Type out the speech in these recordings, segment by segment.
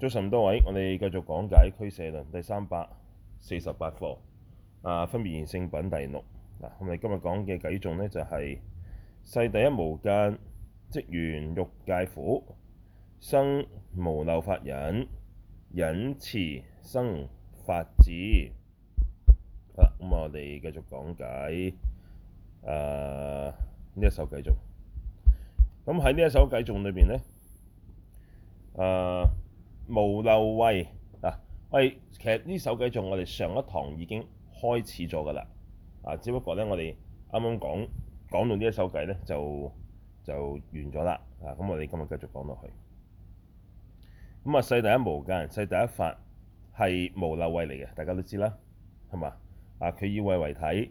早晨多位，我哋繼續講解《俱舍論》第三百四十八課，啊，分別賢聖品第六。嗱、啊，我哋今日講嘅偈頌呢，就係世第一無間，即緣欲界苦，生無漏法忍，忍次生法智。咁、啊嗯、我哋繼續講解，啊，呢一首偈頌。咁喺呢一首偈頌裏邊呢。啊。無漏慧。嗱，係其實呢首偈仲我哋上一堂已經開始咗㗎啦。啊，只不過咧，我哋啱啱講講到呢一首偈咧，就就完咗啦。啊，咁我哋今日繼續講落去。咁啊，世第一無間，世第一法係無漏慧嚟嘅，大家都知啦，係嘛？啊，佢以慧為，為體，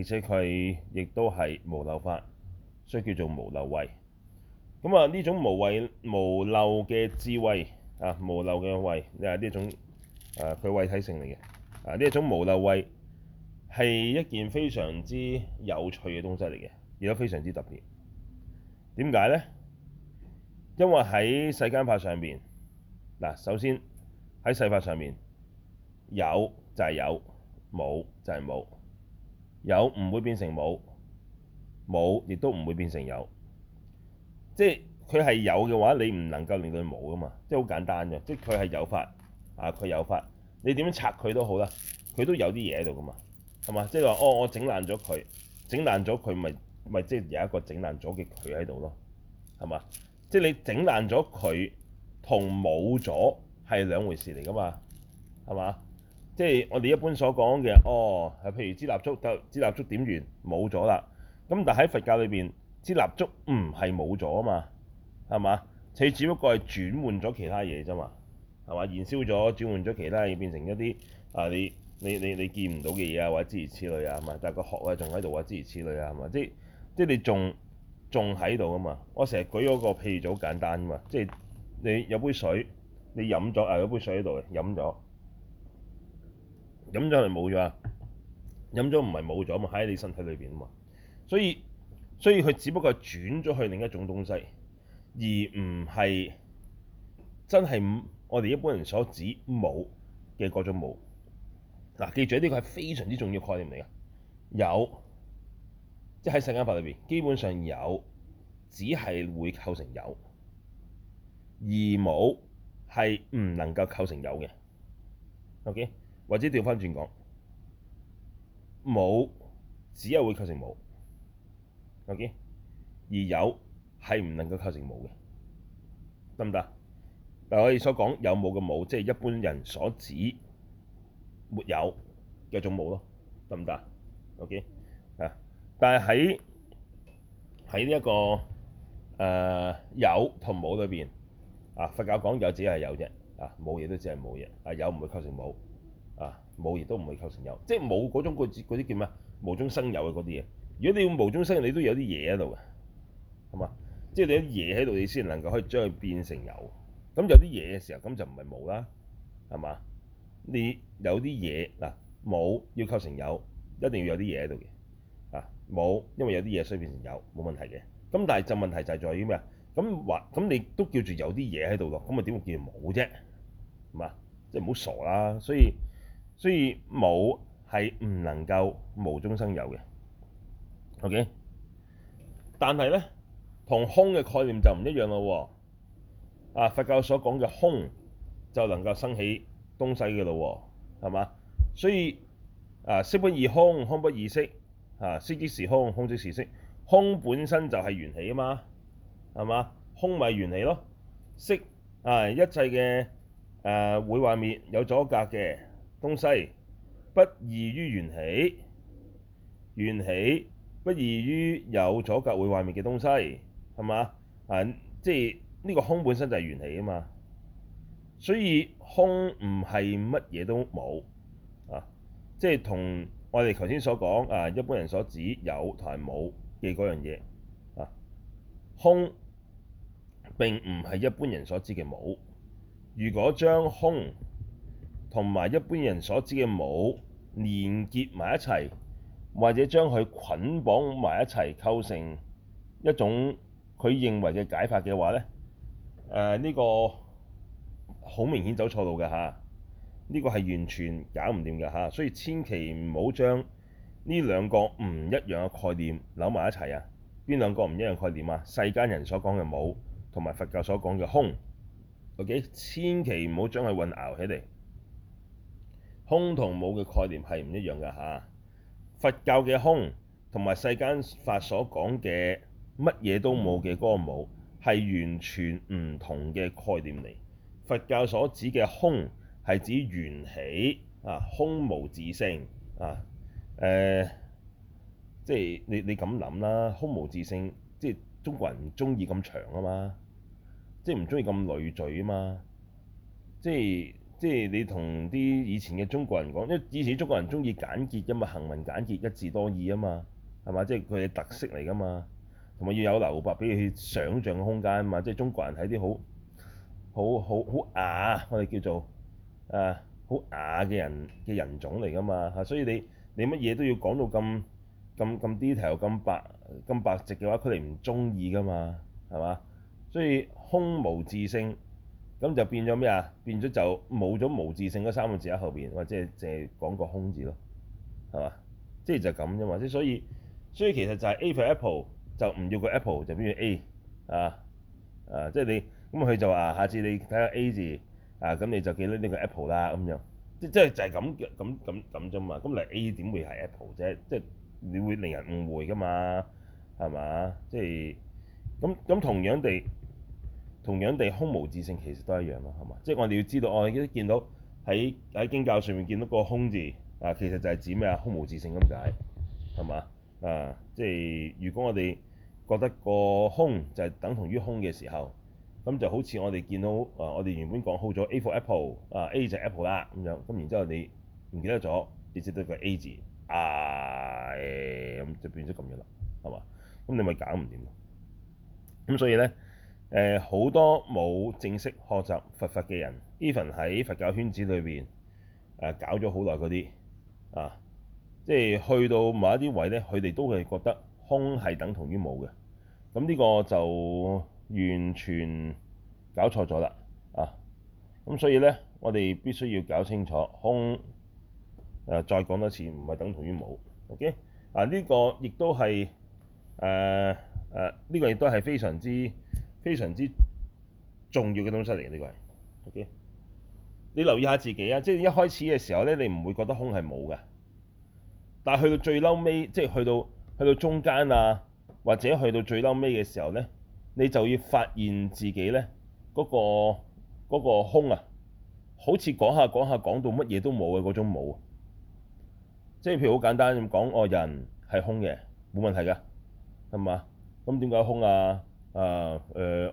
而且佢亦都係無漏法，所以叫做無漏慧。咁啊，呢種無慧無漏嘅智慧。啊，無漏嘅慧，啊，呢一種啊，佢慧體性嚟嘅，啊，呢一種無漏慧係一件非常之有趣嘅東西嚟嘅，亦都非常之特別。點解咧？因為喺世間法上邊，嗱，首先喺世法上面，有就係有，冇就係冇，有唔會變成冇，冇亦都唔會變成有，即係。佢係有嘅話，你唔能夠令佢冇啊嘛，即係好簡單嘅，即係佢係有法啊，佢有法，你點樣拆佢都好啦，佢都有啲嘢喺度噶嘛，係嘛？即係話哦，我整爛咗佢，整爛咗佢咪咪即係有一個整爛咗嘅佢喺度咯，係嘛？即係你整爛咗佢同冇咗係兩回事嚟噶嘛，係嘛？即係我哋一般所講嘅哦，係譬如支蠟燭，支蠟燭點完冇咗啦，咁但喺佛教裏邊，支蠟燭唔係冇咗啊嘛。係嘛？佢只不過係轉換咗其他嘢啫嘛。係嘛？燃燒咗，轉換咗其他嘢，變成一啲啊，你你你你見唔到嘅嘢啊，或者之如此類啊，係嘛？但係個殼啊仲喺度啊，或者之如此類啊，係嘛？即即你仲仲喺度啊嘛。我成日舉嗰個譬如就好簡單啊嘛，即係你有杯水，你飲咗啊，有杯水喺度嘅飲咗，飲咗係冇咗啊？飲咗唔係冇咗嘛，喺你身體裏邊啊嘛。所以所以佢只不過係轉咗去另一種東西。而唔係真係我哋一般人所指冇嘅各種冇。嗱，記住呢個係非常之重要概念嚟嘅。有，即係喺世間法裏邊，基本上有，只係會構成有，而冇係唔能夠構成有嘅。OK，或者調翻轉講，冇只係會構成冇。OK，而有。係唔能夠構成冇嘅，得唔得？嗱，我哋所講有冇嘅冇，即係一般人所指沒有嘅一種冇咯，得唔得？OK 啊，但係喺喺呢一個誒、呃、有同冇裏邊啊，佛教講有只係有啫，啊冇嘢都只係冇嘢，啊有唔會構成冇，啊冇亦都唔會構成有，即係冇嗰種嗰啲嗰啲叫咩啊？無中生有嘅嗰啲嘢，如果你要無中生，你都有啲嘢喺度嘅，係嘛？即係你啲嘢喺度，你先能夠可以將佢變成有。咁有啲嘢嘅時候，咁就唔係冇啦，係嘛？你有啲嘢嗱，冇要構成有，一定要有啲嘢喺度嘅。啊，冇，因為有啲嘢需要變成有，冇問題嘅。咁但係就問題就係在於咩啊？咁話咁你都叫做有啲嘢喺度咯，咁啊點會叫冇啫？係嘛？即係唔好傻啦。所以所以冇係唔能夠無中生有嘅。OK，但係咧。同空嘅概念就唔一樣咯喎，哦，啊佛教所講嘅空就能夠生起東西嘅咯喎，係嘛？所以啊色不異空，空不異色，啊色即是空，空即是色，空本身就係緣起啊嘛，係嘛？空咪緣起咯，色啊一切嘅誒、啊、會幻滅、有阻隔嘅東西，不異於緣起，緣起不異於有阻隔會幻滅嘅東西。係嘛啊？即係呢個空本身就係緣起啊嘛，所以空唔係乜嘢都冇啊。即係同我哋頭先所講啊，一般人所指有同埋冇嘅嗰樣嘢啊，空並唔係一般人所知嘅冇。如果將空同埋一般人所知嘅冇連結埋一齊，或者將佢捆綁埋一齊，構成一種，佢認為嘅解法嘅話呢，呢、呃呢個好明顯走錯路嘅嚇，呢、呢個係完全搞唔掂嘅嚇，所以千祈唔好將呢兩個唔一樣嘅概念扭埋一齊啊！邊兩個唔一樣概念啊？世間人所講嘅冇，同埋佛教所講嘅空，OK，千祈唔好將佢混淆起嚟。空同冇嘅概念係唔一樣嘅嚇，佛教嘅空同埋世間法所講嘅。乜嘢都冇嘅嗰個，冇，係完全唔同嘅概念嚟。佛教所指嘅空係指緣起啊，空無自性啊，誒、呃，即係你你咁諗啦，空無自性，即係中國人中意咁長啊嘛，即係唔中意咁累贅啊嘛，即係即係你同啲以前嘅中國人講，因為以前中國人中意簡潔㗎嘛，行文簡潔，一字多義啊嘛，係嘛？即係佢嘅特色嚟㗎嘛。同埋要有留白，俾佢想象嘅空間啊嘛！即係中國人睇啲好好好好雅，我哋叫做誒好雅嘅人嘅人種嚟㗎嘛嚇，所以你你乜嘢都要講到咁咁咁 detail 咁白咁白直嘅話，佢哋唔中意㗎嘛係嘛？所以空無自性，咁就變咗咩啊？變咗就冇咗無自性嗰三個字喺後邊，或者淨係講個空字咯，係嘛？即係就咁啫嘛！即係所以所以，所以其實就係 Apple 就唔要個 apple 就比如 A 啊啊即係你咁佢就話下次你睇下 A 字啊咁你就記得呢個 apple 啦咁樣即即係就係咁咁咁咁啫嘛咁嚟 A 點會係 apple 啫即係你會令人誤會噶嘛係嘛即係咁咁同樣地同樣地空無自性其實都一樣咯係嘛即係我哋要知道我哋都見到喺喺經教上面見到個空字啊其實就係指咩啊空無自性咁解係嘛啊即係如果我哋覺得個空就係等同於空嘅時候，咁就好似我哋見到啊，我哋原本講好咗 A for Apple 啊，A 就 Apple 啦咁樣，咁然之後你唔記得咗，你只得個 A 字啊，咁就變咗咁樣啦，係嘛？咁你咪搞唔掂咯。咁所以咧，誒好多冇正式學習佛法嘅人，even 喺佛教圈子裏邊誒搞咗好耐嗰啲啊，即係去到某一啲位咧，佢哋都係覺得空係等同於冇嘅，咁呢個就完全搞錯咗啦，啊！咁所以呢，我哋必須要搞清楚空，誒、呃、再講多次，唔係等同於冇，ok？啊呢個亦都係誒誒呢個亦都係非常之非常之重要嘅東西嚟嘅呢個，ok？你留意下自己啊，即係一開始嘅時候呢，你唔會覺得空係冇嘅，但係去到最嬲尾，即係去到。去到中間啊，或者去到最嬲尾嘅時候呢，你就要發現自己呢嗰、嗰個嗰空、嗰個、啊，好似講下講下講、講、講到乜嘢都冇嘅嗰種冇，即係譬如好簡單咁講，我人係空嘅，冇問題㗎，係嘛？咁點解空啊？啊誒、呃，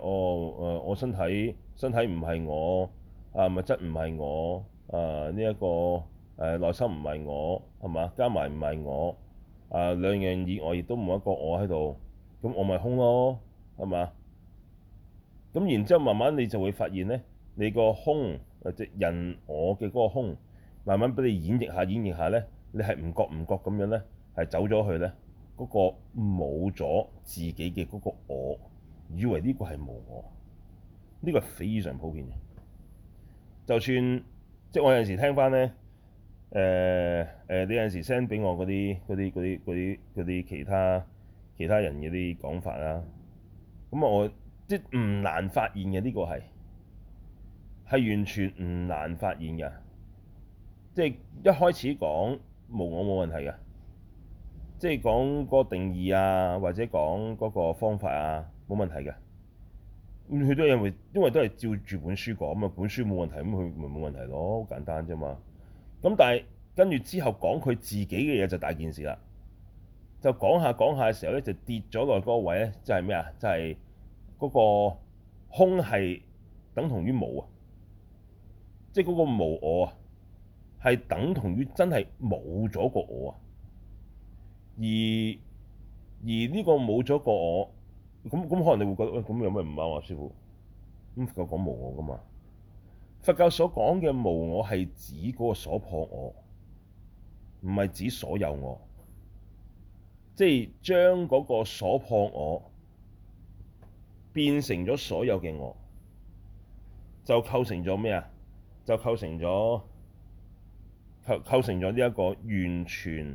我誒、呃、我身體身體唔係我啊，物質唔係我啊，呢、呢、一個誒、呃、內心唔係我係嘛？加埋唔係我。啊，兩樣以外亦都冇一個我喺度，咁我咪空咯，係嘛？咁然之後慢慢你就會發現呢，你個空或者人我嘅嗰個空，慢慢俾你演繹下演繹下呢，你係唔覺唔覺咁樣呢，係走咗去呢，嗰個冇咗自己嘅嗰個我，以為呢個係冇我，呢個係非常普遍嘅，就算即係我有時聽翻呢。誒誒、呃呃，你有陣時 send 俾我嗰啲啲啲啲啲其他其他人嗰啲講法啦，咁啊，我即係唔難發現嘅呢個係係完全唔難發現㗎，即係一開始講冇我冇問題㗎，即係講嗰個定義啊，或者講嗰個方法啊，冇問題㗎。咁佢都認為，因為都係照住本書講啊嘛，本書冇問題，咁佢咪冇問題咯，好簡單啫嘛。咁但係跟住之後講佢自己嘅嘢就大件事啦，就講下講下嘅時候咧就跌咗落嗰個位咧，就係咩啊？就係、是、嗰個空係等同於冇啊，即係嗰個無我啊，係等同於真係冇咗個我啊。而而呢個冇咗個我，咁咁可能你會覺得喂，咁、欸、有咩唔啱啊，師傅，咁佢講冇我噶嘛？佛教所講嘅無我係指嗰個所破我，唔係指所有我，即係將嗰個所破我變成咗所有嘅我，就構成咗咩啊？就構成咗構構成咗呢一個完全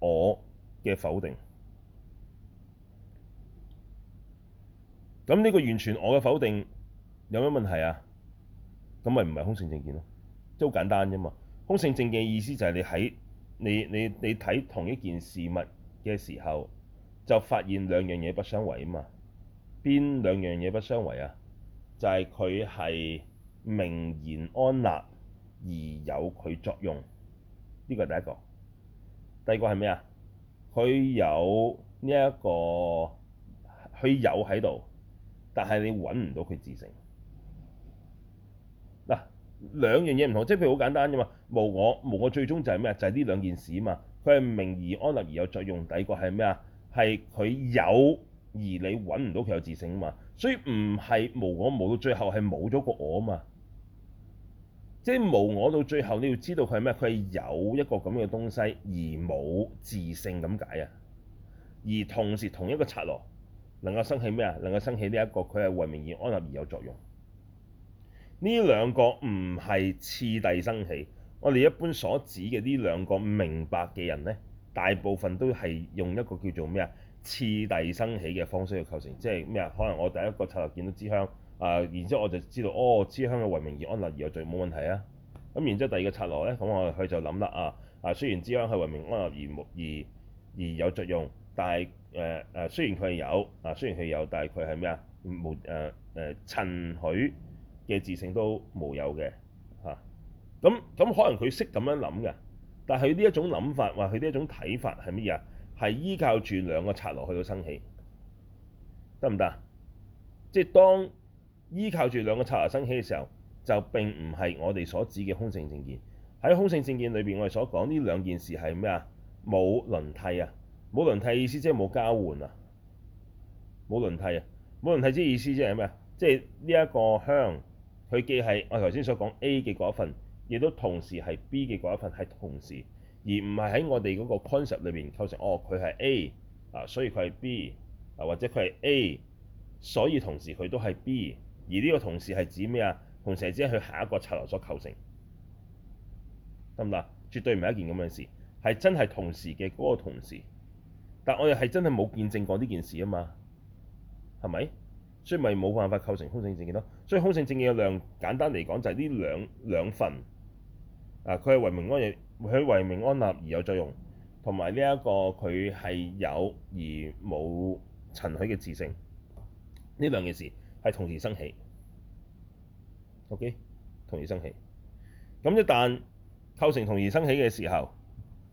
我嘅否定。咁呢個完全我嘅否定有咩問題啊？咁咪唔係空性正見咯，即好簡單啫嘛。空性正見嘅意思就係你睇你你你睇同一件事物嘅時候，就發現兩樣嘢不相違啊嘛。邊兩樣嘢不相違啊？就係佢係名言安立而有佢作用，呢個係第一個。第二個係咩啊？佢有呢、這、一個，佢有喺度，但係你揾唔到佢自性。兩樣嘢唔同，即係譬如好簡單啫嘛，無我無我最終就係咩啊？就係呢兩件事啊嘛。佢係名而安立而有作用，第二個係咩啊？係佢有而你揾唔到佢有自性啊嘛。所以唔係無我無到最後係冇咗個我啊嘛。即係無我到最後你要知道佢係咩？佢係有一個咁嘅東西而冇自性咁解啊。而同時同一個策略能夠生起咩啊？能夠生起呢、這、一個佢係為名而安立而有作用。呢兩個唔係次第生起，我哋一般所指嘅呢兩個明白嘅人呢，大部分都係用一個叫做咩啊，次第生起嘅方式去構成，即係咩啊？可能我第一個策略見到支香啊、呃，然之後我就知道，哦，支香嘅為名而安立而有作用冇問題啊。咁然之後第二個策略呢，咁、嗯、我佢就諗啦啊啊，雖然支香係為名安立而而而有作用，但係誒誒雖然佢有啊，雖然佢有，但係佢係咩啊？冇誒誒趁許。嘅自性都冇有嘅嚇，咁、啊、咁可能佢識咁樣諗嘅，但佢呢一種諗法或佢呢一種睇法係乜嘢？係依靠住兩個拆落去到生起，得唔得？即係當依靠住兩個拆落生起嘅時候，就並唔係我哋所指嘅空性正見。喺空性正見裏邊，我哋所講呢兩件事係咩啊？冇輪替啊，冇輪替意思即係冇交換啊，冇輪替啊，冇輪替即係意思即係咩啊？即係呢一個香。佢既係我頭先所講 A 嘅嗰一份，亦都同時係 B 嘅嗰一份，係同時，而唔係喺我哋嗰個 concept 裏面構成。哦，佢係 A 啊，所以佢係 B 啊，或者佢係 A，所以同時佢都係 B。而呢個同時係指咩啊？同時係指佢下一個策略所構成，得唔得？絕對唔係一件咁嘅事，係真係同時嘅嗰個同時。但我哋係真係冇見證過呢件事啊嘛，係咪？所以咪冇辦法構成空性正見咯。所以空性正見嘅量簡單嚟講就係呢兩兩份啊，佢係為名安立，佢為名安立而有作用，同埋呢一個佢係有而冇塵許嘅自性，呢兩件事係同時生起。OK，同時生起。咁一旦構成同時生起嘅時候，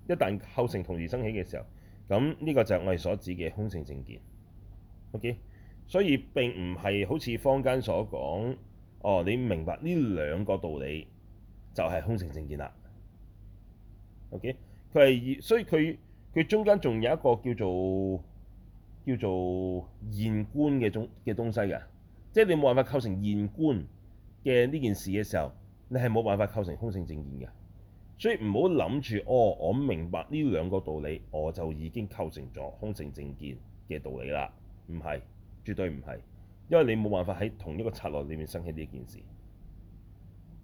一旦構成同時生起嘅時候，咁呢個就係我哋所指嘅空性正見。OK。所以並唔係好似坊間所講，哦，你明白呢兩個道理就係空性正見啦。OK，佢係所以佢佢中間仲有一個叫做叫做現觀嘅種嘅東西㗎，即係你冇辦法構成現觀嘅呢件事嘅時候，你係冇辦法構成空性正見嘅。所以唔好諗住哦，我明白呢兩個道理我就已經構成咗空性正見嘅道理啦，唔係。絕對唔係，因為你冇辦法喺同一個剎那裏面生起呢一件事。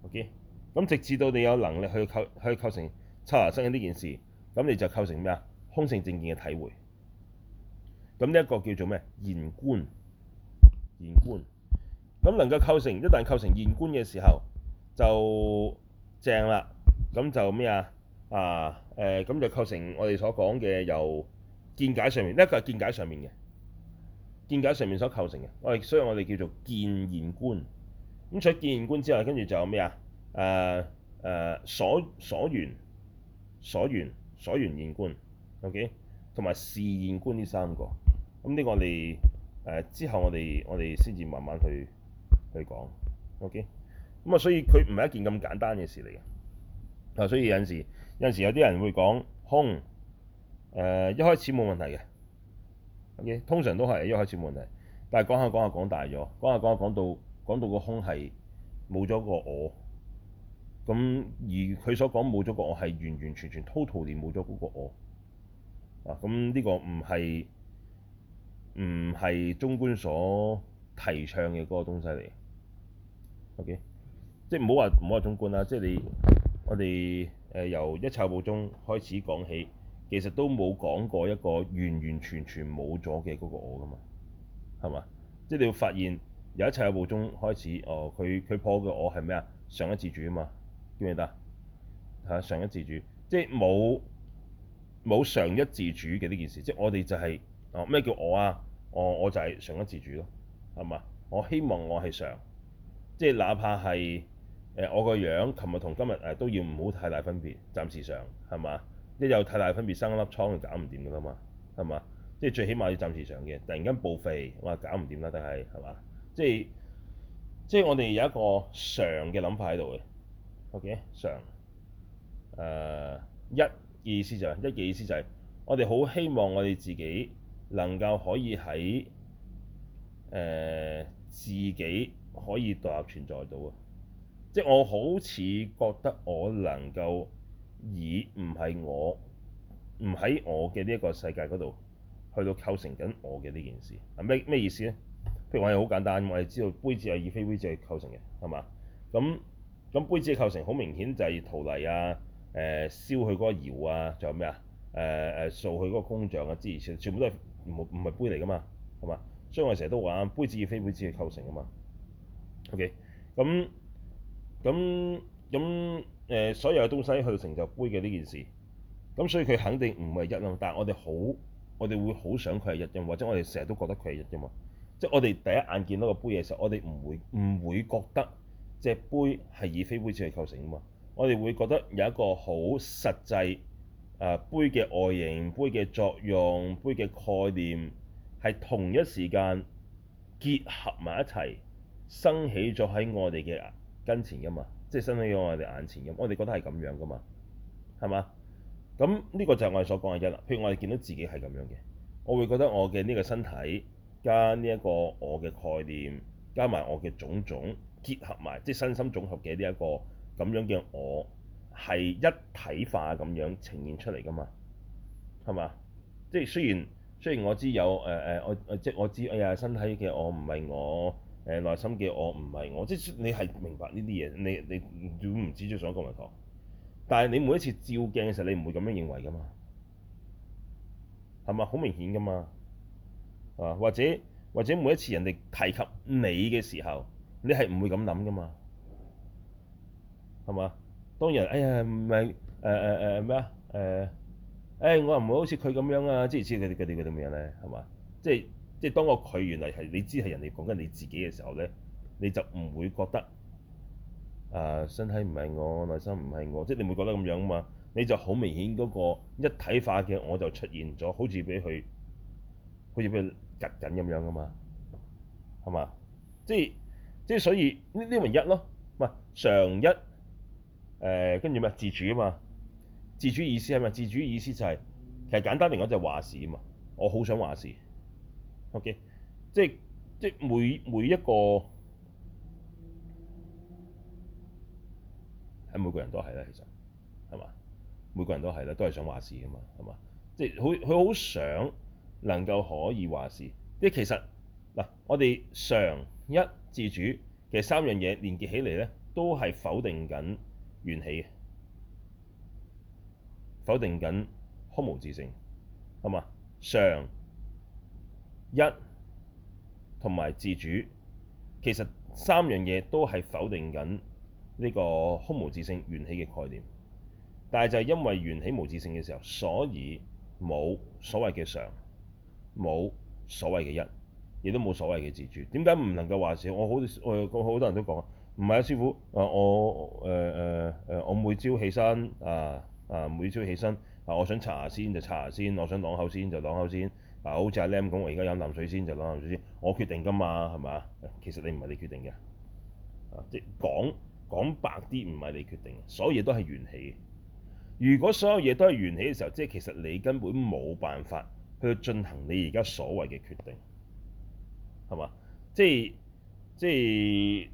OK，咁直至到你有能力去構去構成剎那生起呢件事，咁你就構成咩啊？空性正見嘅體會。咁呢一個叫做咩？現觀，現觀。咁能夠構成，一旦構成現觀嘅時候，就正啦。咁就咩啊？啊，誒、呃，咁就構成我哋所講嘅由見解上面，呢、這、一個係見解上面嘅。見解上面所構成嘅，我哋所以我哋叫做見現觀，咁除咗見現觀之外，跟住仲有咩啊？誒、啊、誒所所緣所緣所緣現觀，OK，同埋事現觀呢三個，咁、嗯、呢、這個我哋誒、啊、之後我哋我哋先至慢慢去去講，OK，咁、嗯、啊所以佢唔係一件咁簡單嘅事嚟嘅，啊所以有陣時有陣時有啲人會講空，誒、呃、一開始冇問題嘅。Okay? 通常都係一開始問題，但係講下講下講大咗，講下講下講到講到個空係冇咗個我，咁而佢所講冇咗個我係完完全全 total 地冇咗嗰個我，啊咁呢、嗯這個唔係唔係中觀所提倡嘅嗰個東西嚟，O.K. 即係唔好話唔好話中觀啦，即係你我哋誒由一錯無宗開始講起。其實都冇講過一個完完全全冇咗嘅嗰個我噶嘛，係嘛？即、就、係、是、你要發現由一切有部中開始，哦，佢佢破嘅我係咩啊？上一自主啊嘛，記唔記得啊？上一自主，即係冇冇上一自主嘅呢件事，即係我哋就係、是、哦咩叫我啊？我、哦、我就係上一自主咯，係嘛？我希望我係上，即係哪怕係誒、呃、我個樣，琴日同今日誒、呃、都要唔好太大分別，暫時上係嘛？一有太大分別，生一粒瘡就搞唔掂噶啦嘛，係嘛？即係最起碼要暫時上嘅，突然間報廢，哇，搞唔掂啦！但係係嘛？即係即係我哋有一個常嘅諗法喺度嘅，OK？常誒、呃、一嘅意思就係、是、一嘅意思就係我哋好希望我哋自己能夠可以喺誒、呃、自己可以獨立存在到啊！即係我好似覺得我能夠。而唔係我唔喺我嘅呢一個世界嗰度去到構成緊我嘅呢件事啊。咩咩意思咧？譬如話係好簡單，我係知道杯子係以非杯子去構成嘅，係嘛？咁咁杯子嘅構成好明顯就係陶泥啊，誒、呃、燒佢嗰個窯啊，仲有咩啊？誒誒做佢嗰個工匠啊之類，全部都係冇唔係杯嚟噶嘛，係嘛？所以我成日都話杯子以非杯子去構成噶嘛。OK，咁咁咁。誒所有嘅東西去成就杯嘅呢件事，咁所以佢肯定唔係一咯。但係我哋好，我哋會好想佢係一，或者我哋成日都覺得佢係一啫嘛。即係我哋第一眼見到個杯嘅時候，我哋唔會唔會覺得隻杯係以非杯子去構成噶嘛。我哋會覺得有一個好實際啊、呃、杯嘅外形、杯嘅作用、杯嘅概念係同一時間結合埋一齊生起咗喺我哋嘅跟前噶嘛。即係身體喺我哋眼前咁，我哋覺得係咁樣噶嘛，係嘛？咁呢個就係我哋所講嘅一啦。譬如我哋見到自己係咁樣嘅，我會覺得我嘅呢個身體加呢一個我嘅概念，加埋我嘅種種結合埋，即係身心總合嘅呢一個咁樣嘅我係一體化咁樣呈現出嚟噶嘛，係嘛？即係雖然雖然我知有誒誒、呃，我即係我知，哎呀，身體嘅我唔係我。誒內心嘅我唔係我，即係你係明白呢啲嘢，你你總唔止想講埋堂。但係你每一次照鏡嘅時候，你唔會咁樣認為噶嘛，係嘛？好明顯噶嘛，係嘛？或者或者每一次人哋提及你嘅時候，你係唔會咁諗噶嘛，係嘛？當然，哎呀，唔係誒誒誒咩啊誒誒，我又唔會好似佢咁樣啊，即係似佢哋佢哋佢哋咩咧，係嘛？即係。即係當個佢原嚟係你知係人哋講緊你自己嘅時候咧，你就唔會覺得啊、呃、身體唔係我，內心唔係我，即係你唔會覺得咁樣啊嘛。你就好明顯嗰個一體化嘅我就出現咗，好似俾佢好似俾佢夾緊咁樣啊嘛，係嘛？即係即係所以呢呢咪一咯，唔係常一誒跟住咩自主啊嘛？自主意思係咩？自主意思就係其實簡單嚟講就係話事啊嘛，我好想話事。OK，即係即係每每一個喺每個人都係啦，其實係嘛？每個人都係啦，都係想話事㗎嘛，係嘛？即係佢佢好想能夠可以話事，即係其實嗱，我哋常一自主嘅三樣嘢連結起嚟咧，都係否定緊緣起嘅，否定緊空無自性，係嘛？常一同埋自主，其實三樣嘢都係否定緊呢個空無自性、緣起嘅概念。但係就係因為緣起無自性嘅時候，所以冇所謂嘅常，冇所謂嘅一，亦都冇所謂嘅自主。點解唔能夠話事？我好，我好多人都講啊，唔係啊，師傅啊，我誒誒誒，我每朝起身啊，啊，每朝起身啊，我想查下先就查下先，我想朗口先就朗口先。啊，好似阿 lem 咁，我而家飲啖水先就飲啖水先。我決定㗎嘛，係嘛？其實你唔係你決定嘅，啊，即係講講白啲，唔係你決定，所有嘢都係緣起嘅。如果所有嘢都係緣起嘅時候，即係其實你根本冇辦法去進行你而家所謂嘅決定，係嘛？即係即係，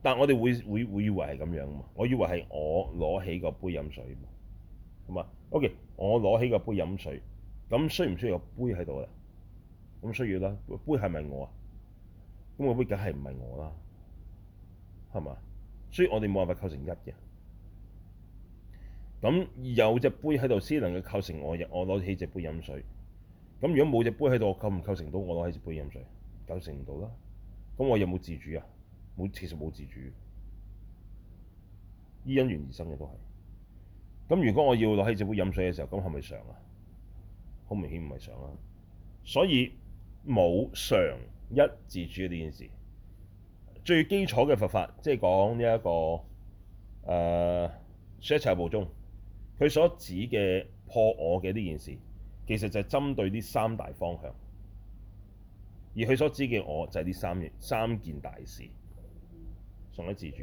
但我哋會會會以為係咁樣嘛。我以為係我攞起個杯飲水，係嘛？OK，我攞起個杯飲水。咁需唔需要，需要個杯喺度啊？咁需要啦。杯係咪我啊？咁，那個杯梗係唔係我啦，係嘛？所以我哋冇辦法構成一嘅。咁有隻杯喺度先能夠構成我嘅，我攞起隻杯飲水。咁如果冇隻杯喺度，我構唔構成到我攞起隻杯飲水？構成唔到啦。咁我有冇自主啊？冇，其實冇自主。依因緣而生嘅都係。咁如果我要攞起隻杯飲水嘅時候，咁係咪常啊？好明顯唔係常啦，所以冇常一自主嘅呢件事，最基礎嘅佛法，即係講呢一個誒舍一切無宗，佢、呃、所指嘅破我嘅呢件事，其實就係針對呢三大方向，而佢所指嘅我就係呢三件三件大事，常一自主，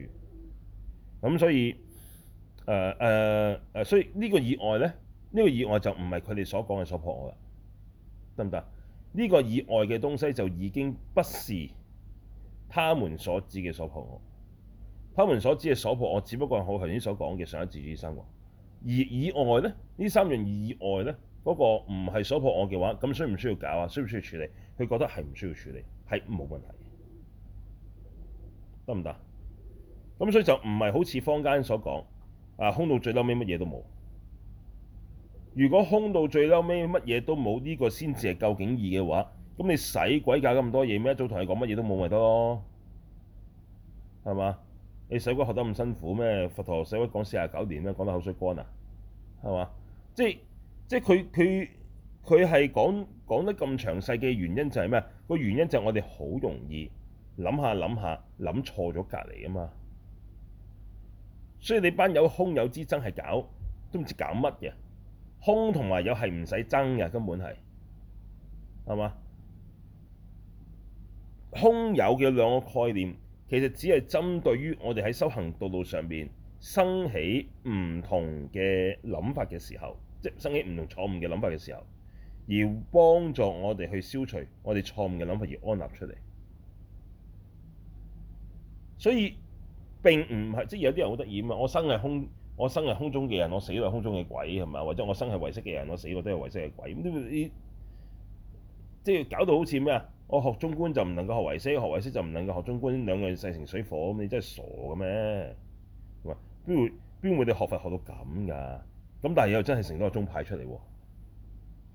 咁所以誒誒誒，所以呢個意外咧。呢個意外就唔係佢哋所講嘅所迫我啦，得唔得？呢、這個意外嘅東西就已經不是他們所指嘅所迫我。他們所指嘅所迫我，只不過係好頭先所講嘅上一自主生活。而以外呢，呢三樣意外呢，嗰個唔係、那個、所迫我嘅話，咁需唔需要搞啊？需唔需要處理？佢覺得係唔需要處理，係冇問題，得唔得？咁所以就唔係好似坊間所講，啊，空到最後尾乜嘢都冇。如果空到最嬲尾，乜嘢都冇，呢個先至係究竟義嘅話，咁你使鬼搞咁多嘢咩？一早同你講乜嘢都冇咪得咯，係嘛？你使鬼學得咁辛苦咩？佛陀使鬼講四十九年咩？講得口水乾啊，係嘛？即即佢佢佢係講講得咁詳細嘅原因就係咩？個原因就係我哋好容易諗下諗下諗錯咗隔離啊嘛。所以你班友空有之爭係搞都唔知搞乜嘅。空同埋有係唔使爭嘅，根本係，係嘛？空有嘅兩個概念，其實只係針對於我哋喺修行道路上邊生起唔同嘅諗法嘅時候，即係生起唔同錯誤嘅諗法嘅時候，而幫助我哋去消除我哋錯誤嘅諗法而安立出嚟。所以並唔係，即係有啲人好得意嘛，我生係空。我生係空中嘅人，我死都係空中嘅鬼，係咪？或者我生係唯識嘅人，我死我都係唯識嘅鬼。咁呢啲，即係搞到好似咩啊？我學中觀就唔能夠學唯識，學唯識就唔能夠學中觀，兩個人勢成水火。咁你真係傻嘅咩？唔係邊會邊會？你學佛學到咁噶？咁但係又真係成咗個中派出嚟喎，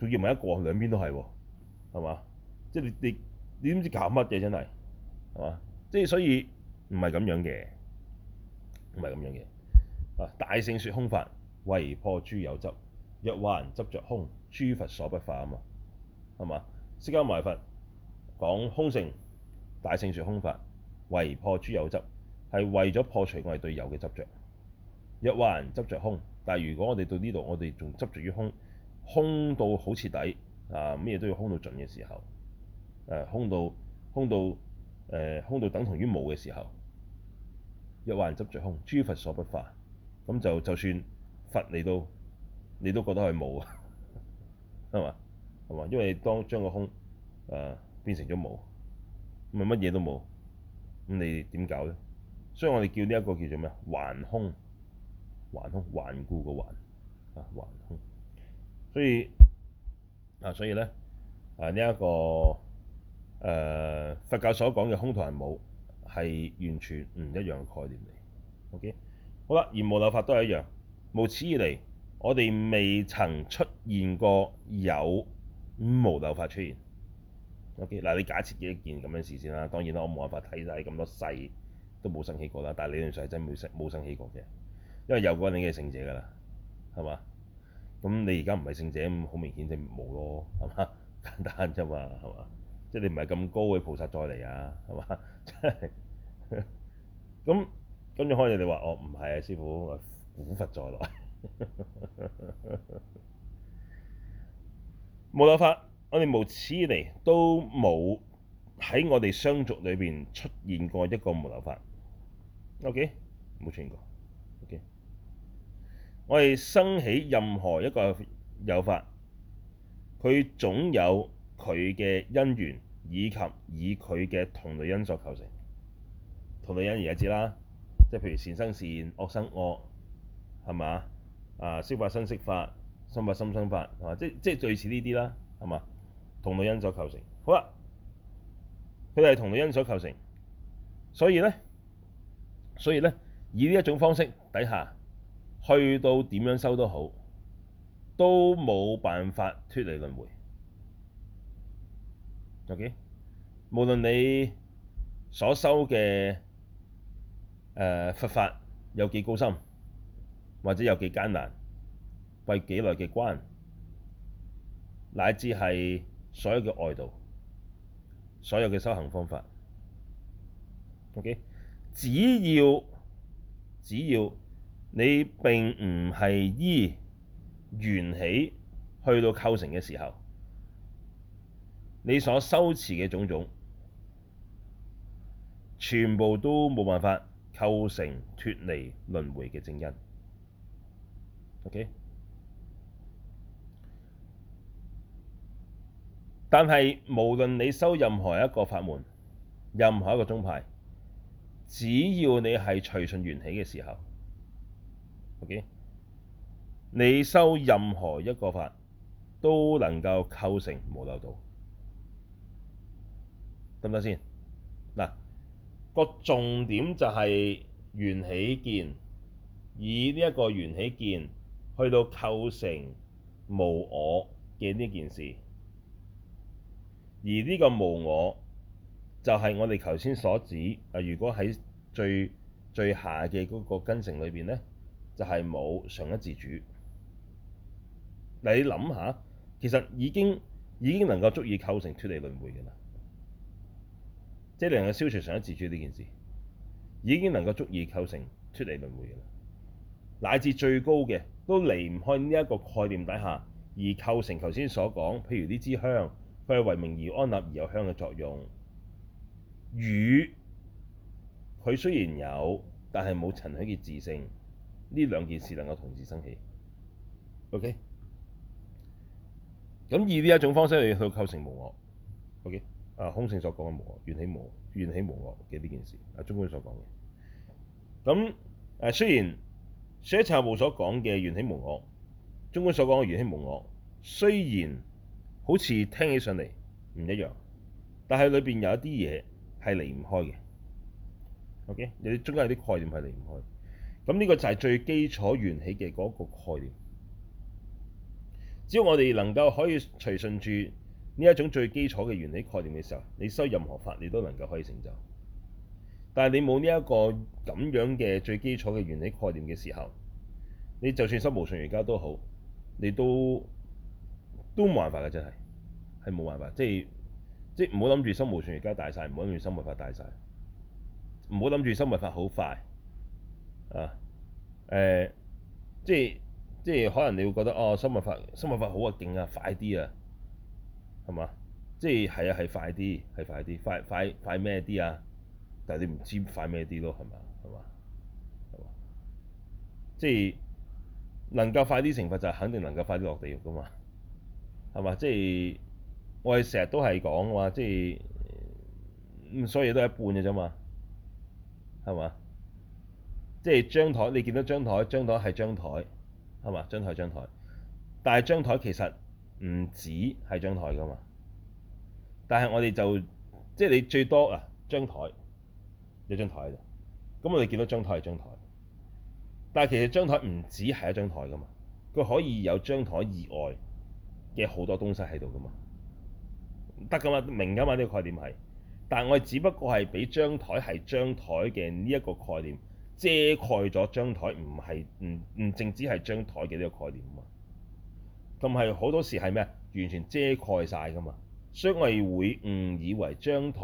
仲要問一個兩邊都係喎，係嘛？即係你你你點知搞乜嘢？真係，係嘛？即係所以唔係咁樣嘅，唔係咁樣嘅。啊！大聖説空法為破諸有執，若患執着空，諸佛所不化啊嘛，係嘛？釋迦牟尼佛講空性，大聖説空法為破諸有執，係為咗破除我哋對有嘅執着。若患執着空，但係如果我哋到呢度，我哋仲執着於空，空到好徹底啊！乜嘢都要空到盡嘅時候，誒空到空到誒空到等同於冇嘅時候，若患執着空，諸佛所不化。咁就就算佛你，你都你都覺得係冇啊，係 嘛，係嘛？因為當將個空啊、呃、變成咗冇，咪乜嘢都冇，咁你點搞咧？所以我哋叫呢一個叫做咩啊？頑空，頑空，頑固個頑啊，頑空。所以啊，所以咧啊，呢、這、一個誒、呃、佛教所講嘅空同埋冇，係完全唔一樣概念嚟。OK。好啦，而無漏法都係一樣。無始以嚟，我哋未曾出現過有無漏法出現。O.K. 嗱，你假設幾件咁樣事先啦。當然啦，我冇辦法睇晒咁多世，都冇生起過啦。但係理論上係真冇生冇生起過嘅，因為有個人已經係聖者噶啦，係嘛？咁你而家唔係聖者，咁好明顯就冇咯，係嘛？簡單啫嘛，係嘛？即係你唔係咁高嘅菩薩再嚟啊，係嘛？真係咁。跟住開始你話：哦，唔係啊，師傅，古佛在內， 無漏法。我哋無始以嚟都冇喺我哋相續裏邊出現過一個無漏法。O.K. 冇出現過。O.K. 我哋生起任何一個有法，佢總有佢嘅因緣，以及以佢嘅同類因所構成。同類因而家知啦。即係譬如善生善，惡生惡，係嘛？啊，色法生色法，心法心生法，係嘛？即即係類似呢啲啦，係嘛？同類因所構成。好啦，佢哋係同類因所構成，所以咧，所以咧，以呢一種方式底下，去到點樣修都好，都冇辦法脫離輪迴。OK，無論你所修嘅。呃、佛法有幾高深，或者有幾艱難，過幾耐嘅關，乃至係所有嘅外道、所有嘅修行方法，OK，只要只要你並唔係依緣起去到構成嘅時候，你所修持嘅種種，全部都冇辦法。構成脫離輪迴嘅正因，OK？但係無論你修任何一個法門、任何一個宗派，只要你係隨順緣起嘅時候，OK？你修任何一個法都能夠構成無漏道，得唔得先？個重點就係緣起見，以呢一個緣起見去到構成無我嘅呢件事，而呢個無我就係、是、我哋頭先所指啊！如果喺最最下嘅嗰個根性裏邊呢，就係、是、冇常一自主。你諗下，其實已經已經能夠足以構成脱離輪迴㗎啦。即係能夠消除上一自主呢件事，已經能夠足以構成出離輪迴嘅啦，乃至最高嘅都離唔開呢一個概念底下而構成。頭先所講，譬如呢支香，佢係為名而安立而有香嘅作用。雨，佢雖然有，但係冇塵許嘅自性。呢兩件事能夠同時生起。OK，咁以呢一種方式嚟去構成無我。OK。啊，空性所講嘅無我，緣起無我，緣起無我嘅呢件事，啊，中觀所講嘅，咁誒雖然舍塵無所講嘅緣起無我，中觀所講嘅緣起無我，雖然好似聽起上嚟唔一樣，但係裏邊有一啲嘢係離唔開嘅，OK，你中間有啲概念係離唔開，咁呢個就係最基礎緣起嘅嗰個概念，只要我哋能夠可以隨順住，呢一種最基礎嘅原理概念嘅時候，你修任何法你都能夠可以成就。但係你冇呢一個咁樣嘅最基礎嘅原理概念嘅時候，你就算修無上瑜伽都好，你都都冇辦法嘅，真係係冇辦法。即係即係唔好諗住修無上瑜伽大晒，唔好諗住修密法大晒，唔好諗住修密法好快啊！誒、呃，即係即係可能你會覺得哦，修密法修密法好啊，勁啊，快啲啊！係嘛？即係係啊，係快啲，係快啲，快快快咩啲啊？但係你唔知快咩啲咯，係嘛？係嘛？係嘛？即係能夠快啲成佛就肯定能夠快啲落地獄㗎嘛？係嘛？即係我哋成日都係講㗎，即係咁，所以都係一半嘅啫嘛？係嘛？即係張枱，你見到張枱，張枱係張枱，係嘛？張枱張枱，但係張枱其實。唔止係張台噶嘛，但係我哋就即係你最多啊張台有張台喺度，咁我哋見到張台係張台，但係其實張台唔止係一張台噶嘛，佢可以有張台以外嘅好多東西喺度噶嘛，得噶嘛，明噶嘛，呢個概念係，但係我哋只不過係俾張台係張台嘅呢一個概念，遮蓋咗張台唔係唔唔淨止係張台嘅呢個概念啊嘛。同埋好多時係咩啊？完全遮蓋晒噶嘛，所以我哋會誤以為張台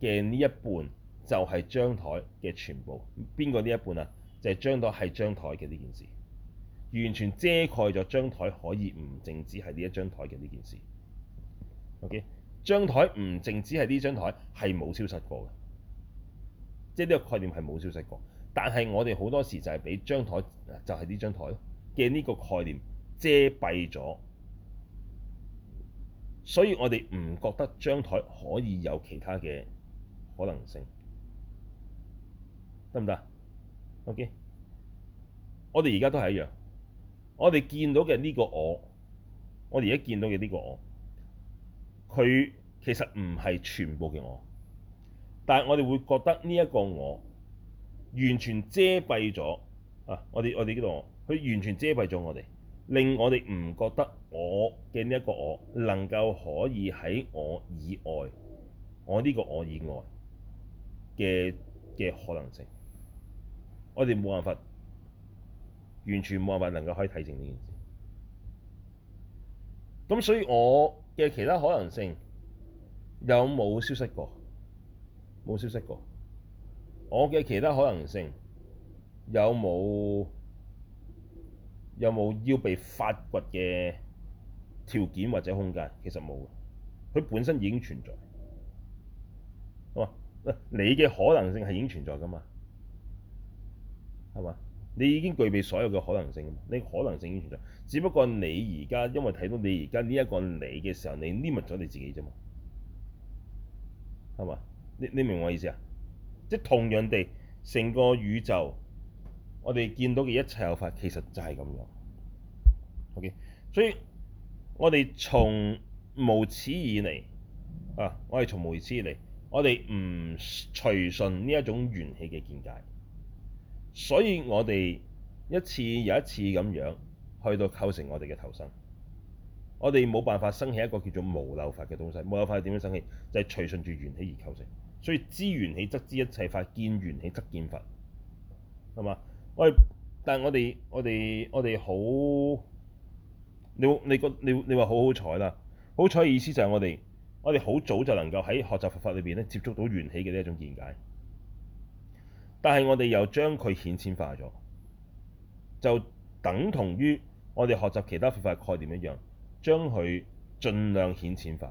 嘅呢一半就係張台嘅全部。邊個呢一半啊？就係張台係張台嘅呢件事，完全遮蓋咗張台可以唔淨止係呢一張台嘅呢件事。OK，張台唔淨止係呢張台，係冇消失過嘅，即係呢個概念係冇消失過。但係我哋好多時就係俾張台，就係呢張台嘅呢個概念。遮蔽咗，所以我哋唔覺得張台可以有其他嘅可能性，得唔得？OK，我哋而家都係一樣。我哋見到嘅呢個我，我哋而家見到嘅呢個我，佢其實唔係全部嘅我，但係我哋會覺得呢一個我完全遮蔽咗啊！我哋我哋呢度，佢完全遮蔽咗我哋。令我哋唔覺得我嘅呢一個我能夠可以喺我以外，我呢個我以外嘅嘅可能性，我哋冇辦法完全冇辦法能夠可以睇清呢件事。咁所以，我嘅其他可能性有冇消失過？冇消失過。我嘅其他可能性有冇？有冇要被發掘嘅條件或者空間？其實冇，佢本身已經存在。你嘅可能性係已經存在噶嘛？係嘛？你已經具備所有嘅可能性，你可能性已經存在。只不過你而家因為睇到你而家呢一個你嘅時候，你匿密咗你自己啫嘛？係嘛？你你明我意思啊？即同樣地，成個宇宙。我哋見到嘅一切有法，其實就係咁樣。O.K.，所以我哋從無始以嚟啊，我哋從無始以嚟，我哋唔隨順呢一種緣起嘅見解，所以我哋一次又一次咁樣去到構成我哋嘅投生。我哋冇辦法生起一個叫做無漏法嘅東西。無漏法係點樣生起？就係隨順住緣起而構成。所以知緣起則知一切法，見緣起則見法，係嘛？喂，但係我哋我哋我哋好，你你覺你你話好好彩啦，好彩嘅意思就係我哋我哋好早就能夠喺學習佛法裏邊咧接觸到緣起嘅呢一種見解，但係我哋又將佢顯淺化咗，就等同於我哋學習其他佛法概念一樣，將佢儘量顯淺化，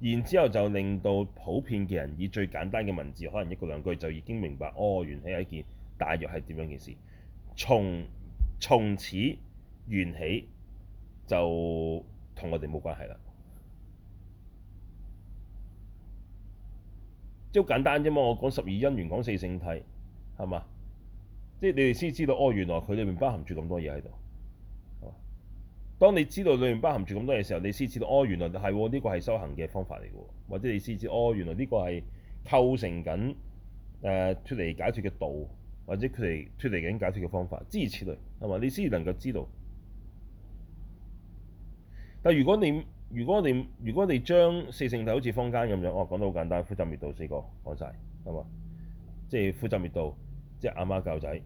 然之後就令到普遍嘅人以最簡單嘅文字，可能一句兩句就已經明白，哦，緣起係一件。大約係點樣件事？從從此緣起就同我哋冇關係啦。即好簡單啫嘛！我講十二因緣，講四聖諦，係嘛？即係你哋先知道哦，原來佢裏面包含住咁多嘢喺度。當你知道裏面包含住咁多嘢嘅時候，你先知道哦，原來係呢、呢個係修行嘅方法嚟嘅，或者你先知哦，原來呢個係構成緊誒、呃、出嚟解脫嘅道。或者佢哋脫離緊解脫嘅方法，諸如此類，係嘛？你先能夠知道。但係如果你如果你如果我哋將四聖諦好似坊間咁樣，哦講得好簡單，苦集滅道四個講晒，係嘛？即係苦集滅道，即係阿媽教仔，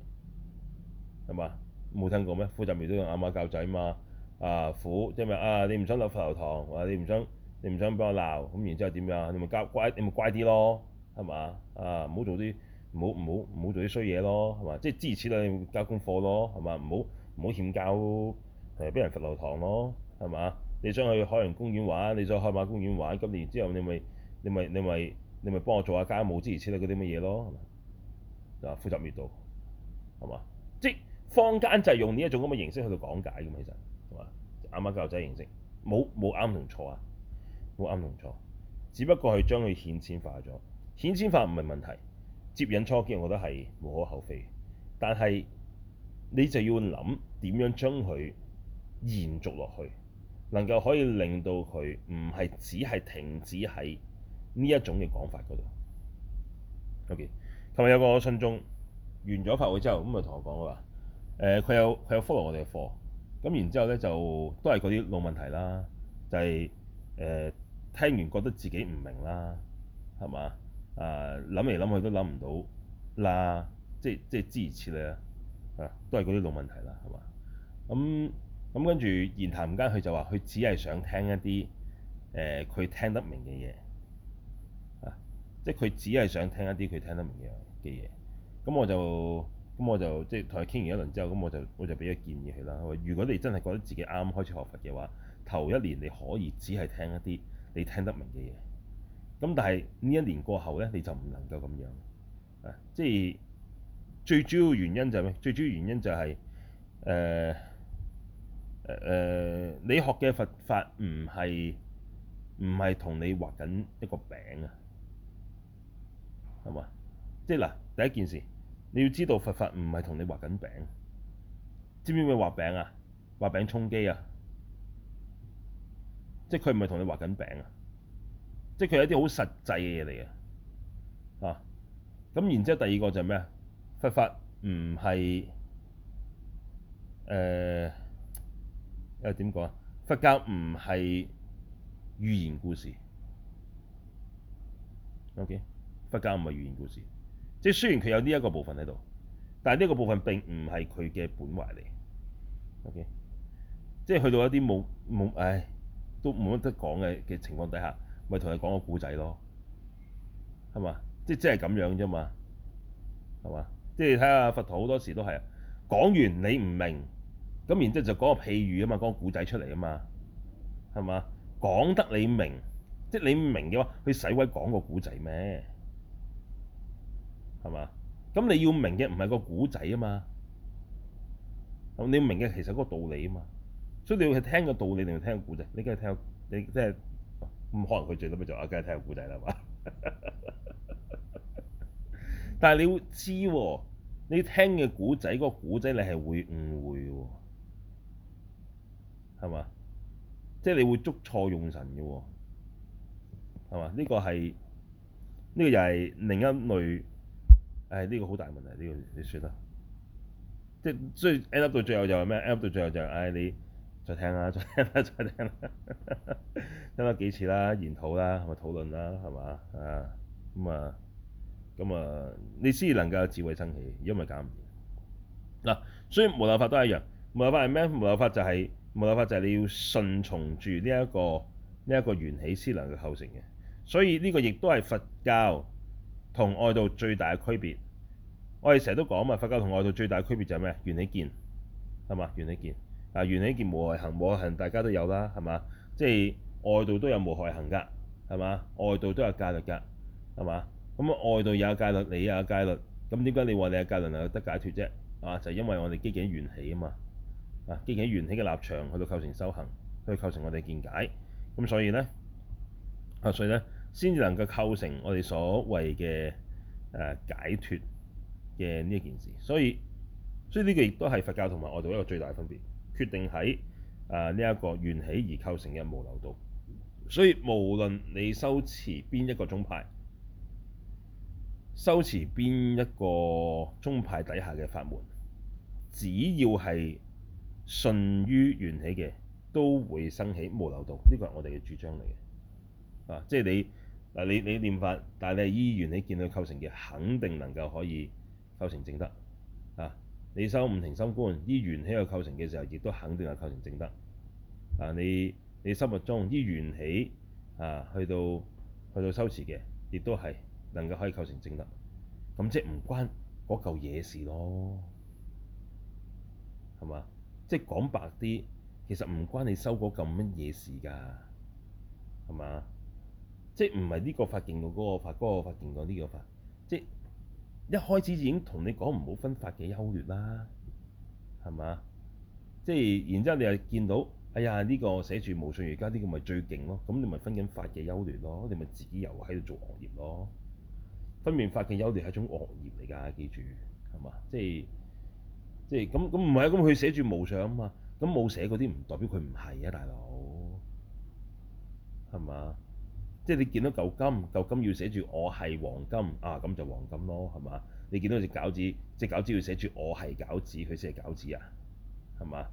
係嘛？冇聽過咩？苦集滅道都用阿媽教仔嘛？啊苦即係啊，你唔想落佛堂，話、啊、你唔想你唔想俾我鬧，咁然之後點樣？你咪教乖，你咪乖啲咯，係嘛？啊唔好做啲。唔好唔好唔好做啲衰嘢咯，係嘛？即係支持你交功課咯，係嘛？唔好唔好欠交誒，俾人罰留堂咯，係嘛？你想去海洋公園玩，你想去海馬公園玩，咁然之後你咪你咪你咪你咪幫我做下家務，支持你嗰啲乜嘢咯，嗱，負責月度係嘛？即係坊間就係用呢一種咁嘅形式去到講解咁其實係嘛？啱啱教育仔形式，冇冇啱同錯啊，冇啱同錯，只不過係將佢顯淺化咗，顯淺化唔係問題。接引初見，我覺得係無可厚非，但係你就要諗點樣將佢延續落去，能夠可以令到佢唔係只係停止喺呢一種嘅講法嗰度。OK，琴日有個信眾完咗法會之後，咁啊同我講話，誒、呃、佢有佢有 follow 我哋嘅課，咁然之後咧就都係嗰啲老問題啦，就係、是、誒、呃、聽完覺得自己唔明啦，係嘛？誒諗嚟諗去都諗唔到啦，即係即係諸如此類啊，都係嗰啲老問題啦，係嘛？咁咁跟住言談間，佢就話：佢只係想聽一啲誒佢聽得明嘅嘢。即係佢只係想聽一啲佢聽得明嘅嘅嘢。咁我就咁我就即係同佢傾完一輪之後，咁我就我就俾咗建議佢啦，如果你真係覺得自己啱開始學佛嘅話，頭一年你可以只係聽一啲你聽得明嘅嘢。咁但係呢一年過後咧，你就唔能夠咁樣。即係最主要原因就係咩？最主要原因就係誒誒你學嘅佛法唔係唔係同你畫緊一個餅啊？係嘛？即係嗱，第一件事你要知道佛法唔係同你畫緊餅，知唔知咩畫餅啊？畫餅充飢啊？即係佢唔係同你畫緊餅啊？即係佢係一啲好實際嘅嘢嚟嘅啊。咁然之後，第二個就係咩啊？佛法唔係誒，又點講啊？佛教唔係寓言故事。O.K.，佛教唔係寓言故事。即係雖然佢有呢一個部分喺度，但係呢個部分並唔係佢嘅本懷嚟。O.K.，即係去到一啲冇冇，唉，都冇乜得講嘅嘅情況底下。咪同你講個故仔咯，係嘛？即係即係咁樣啫嘛，係嘛？即係睇下佛陀好多時都係啊，講完你唔明，咁然之後就講個譬喻啊嘛，講個故仔出嚟啊嘛，係嘛？講得你明，即係你唔明嘅話，佢使鬼講個故仔咩？係嘛？咁你要明嘅唔係個故仔啊嘛，咁你要明嘅其實個道理啊嘛，所以你要去聽個道理定係聽個故仔？你梗係聽，你即係。咁可能佢最屘咪就啊，梗係聽古仔啦嘛。 但係你會知，你聽嘅古仔嗰個古仔，你係會誤會嘅，係嘛？即係你會捉錯用神嘅，係嘛？呢個係呢個又係另一類，誒呢個好大問題。呢個你算啦，即係所以 end up 到最後又係咩？end up 到最後就係、就是、唉你。再聽啦、啊，再聽啦、啊，再聽啦、啊，聽多幾次啦，研討啦，係咪討論啦？係嘛啊？咁、嗯、啊，咁、嗯、啊、嗯，你先至能夠有智慧生起，如果唔係搞唔掂。嗱、啊，所以無漏法都係一樣，無漏法係咩？無漏法就係、是、無漏法就係你要順從住呢一個呢一、這個緣起先能夠構成嘅。所以呢個亦都係佛教同外道最大嘅區別。我哋成日都講啊嘛，佛教同外道最大嘅區別就係咩？緣起見係嘛？緣起見。啊！緣起件無害行，無害行大家都有啦，係嘛？即係外道都有無害行㗎，係嘛？外道都有戒律㗎，係嘛？咁啊，外道有戒律，你有戒律，咁點解你話你戒有戒律能有得解脫啫？啊，就係、是、因為我哋基境緣起啊嘛。啊，基境緣起嘅立場去到構成修行，去構成我哋嘅見解，咁所以咧啊，所以咧先至能夠構成我哋所謂嘅誒解脫嘅呢一件事。所以，所以呢個亦都係佛教同埋外道一個最大分別。決定喺啊呢一個緣起而構成嘅無漏道，所以無論你修持邊一個宗派，修持邊一個宗派底下嘅法門，只要係順於緣起嘅，都會生起無漏道。呢個係我哋嘅主張嚟嘅。啊，即係你嗱你你念法，但係你係依緣起見到構成嘅，肯定能夠可以構成正德。你收五停心觀，依緣起有構成嘅時候，亦都肯定係構成正德。啊，你你心目中依緣起啊，去到去到修持嘅，亦都係能夠可以構成正德。咁即係唔關嗰嚿嘢事咯，係嘛？即係講白啲，其實唔關你收嗰嚿乜嘢事㗎，係嘛？即係唔係呢個發現過嗰個法，嗰個發現過呢個法。即係。一開始已經同你講唔好分法嘅優劣啦，係嘛？即係然之後你又見到，哎呀呢個寫住無上而家啲咁咪最勁咯，咁你咪分緊法嘅優劣咯，你咪自己又喺度做惡業咯。分辨法嘅優劣係種惡業嚟㗎，記住係嘛？即係即係咁咁唔係啊？咁佢寫住無上啊嘛，咁冇寫嗰啲唔代表佢唔係啊，大佬係嘛？即係你見到嚿金，嚿金要寫住我係黃金啊，咁就黃金咯，係嘛？你見到隻餃子，即係餃子要寫住我係餃子，佢先係餃子啊，係嘛？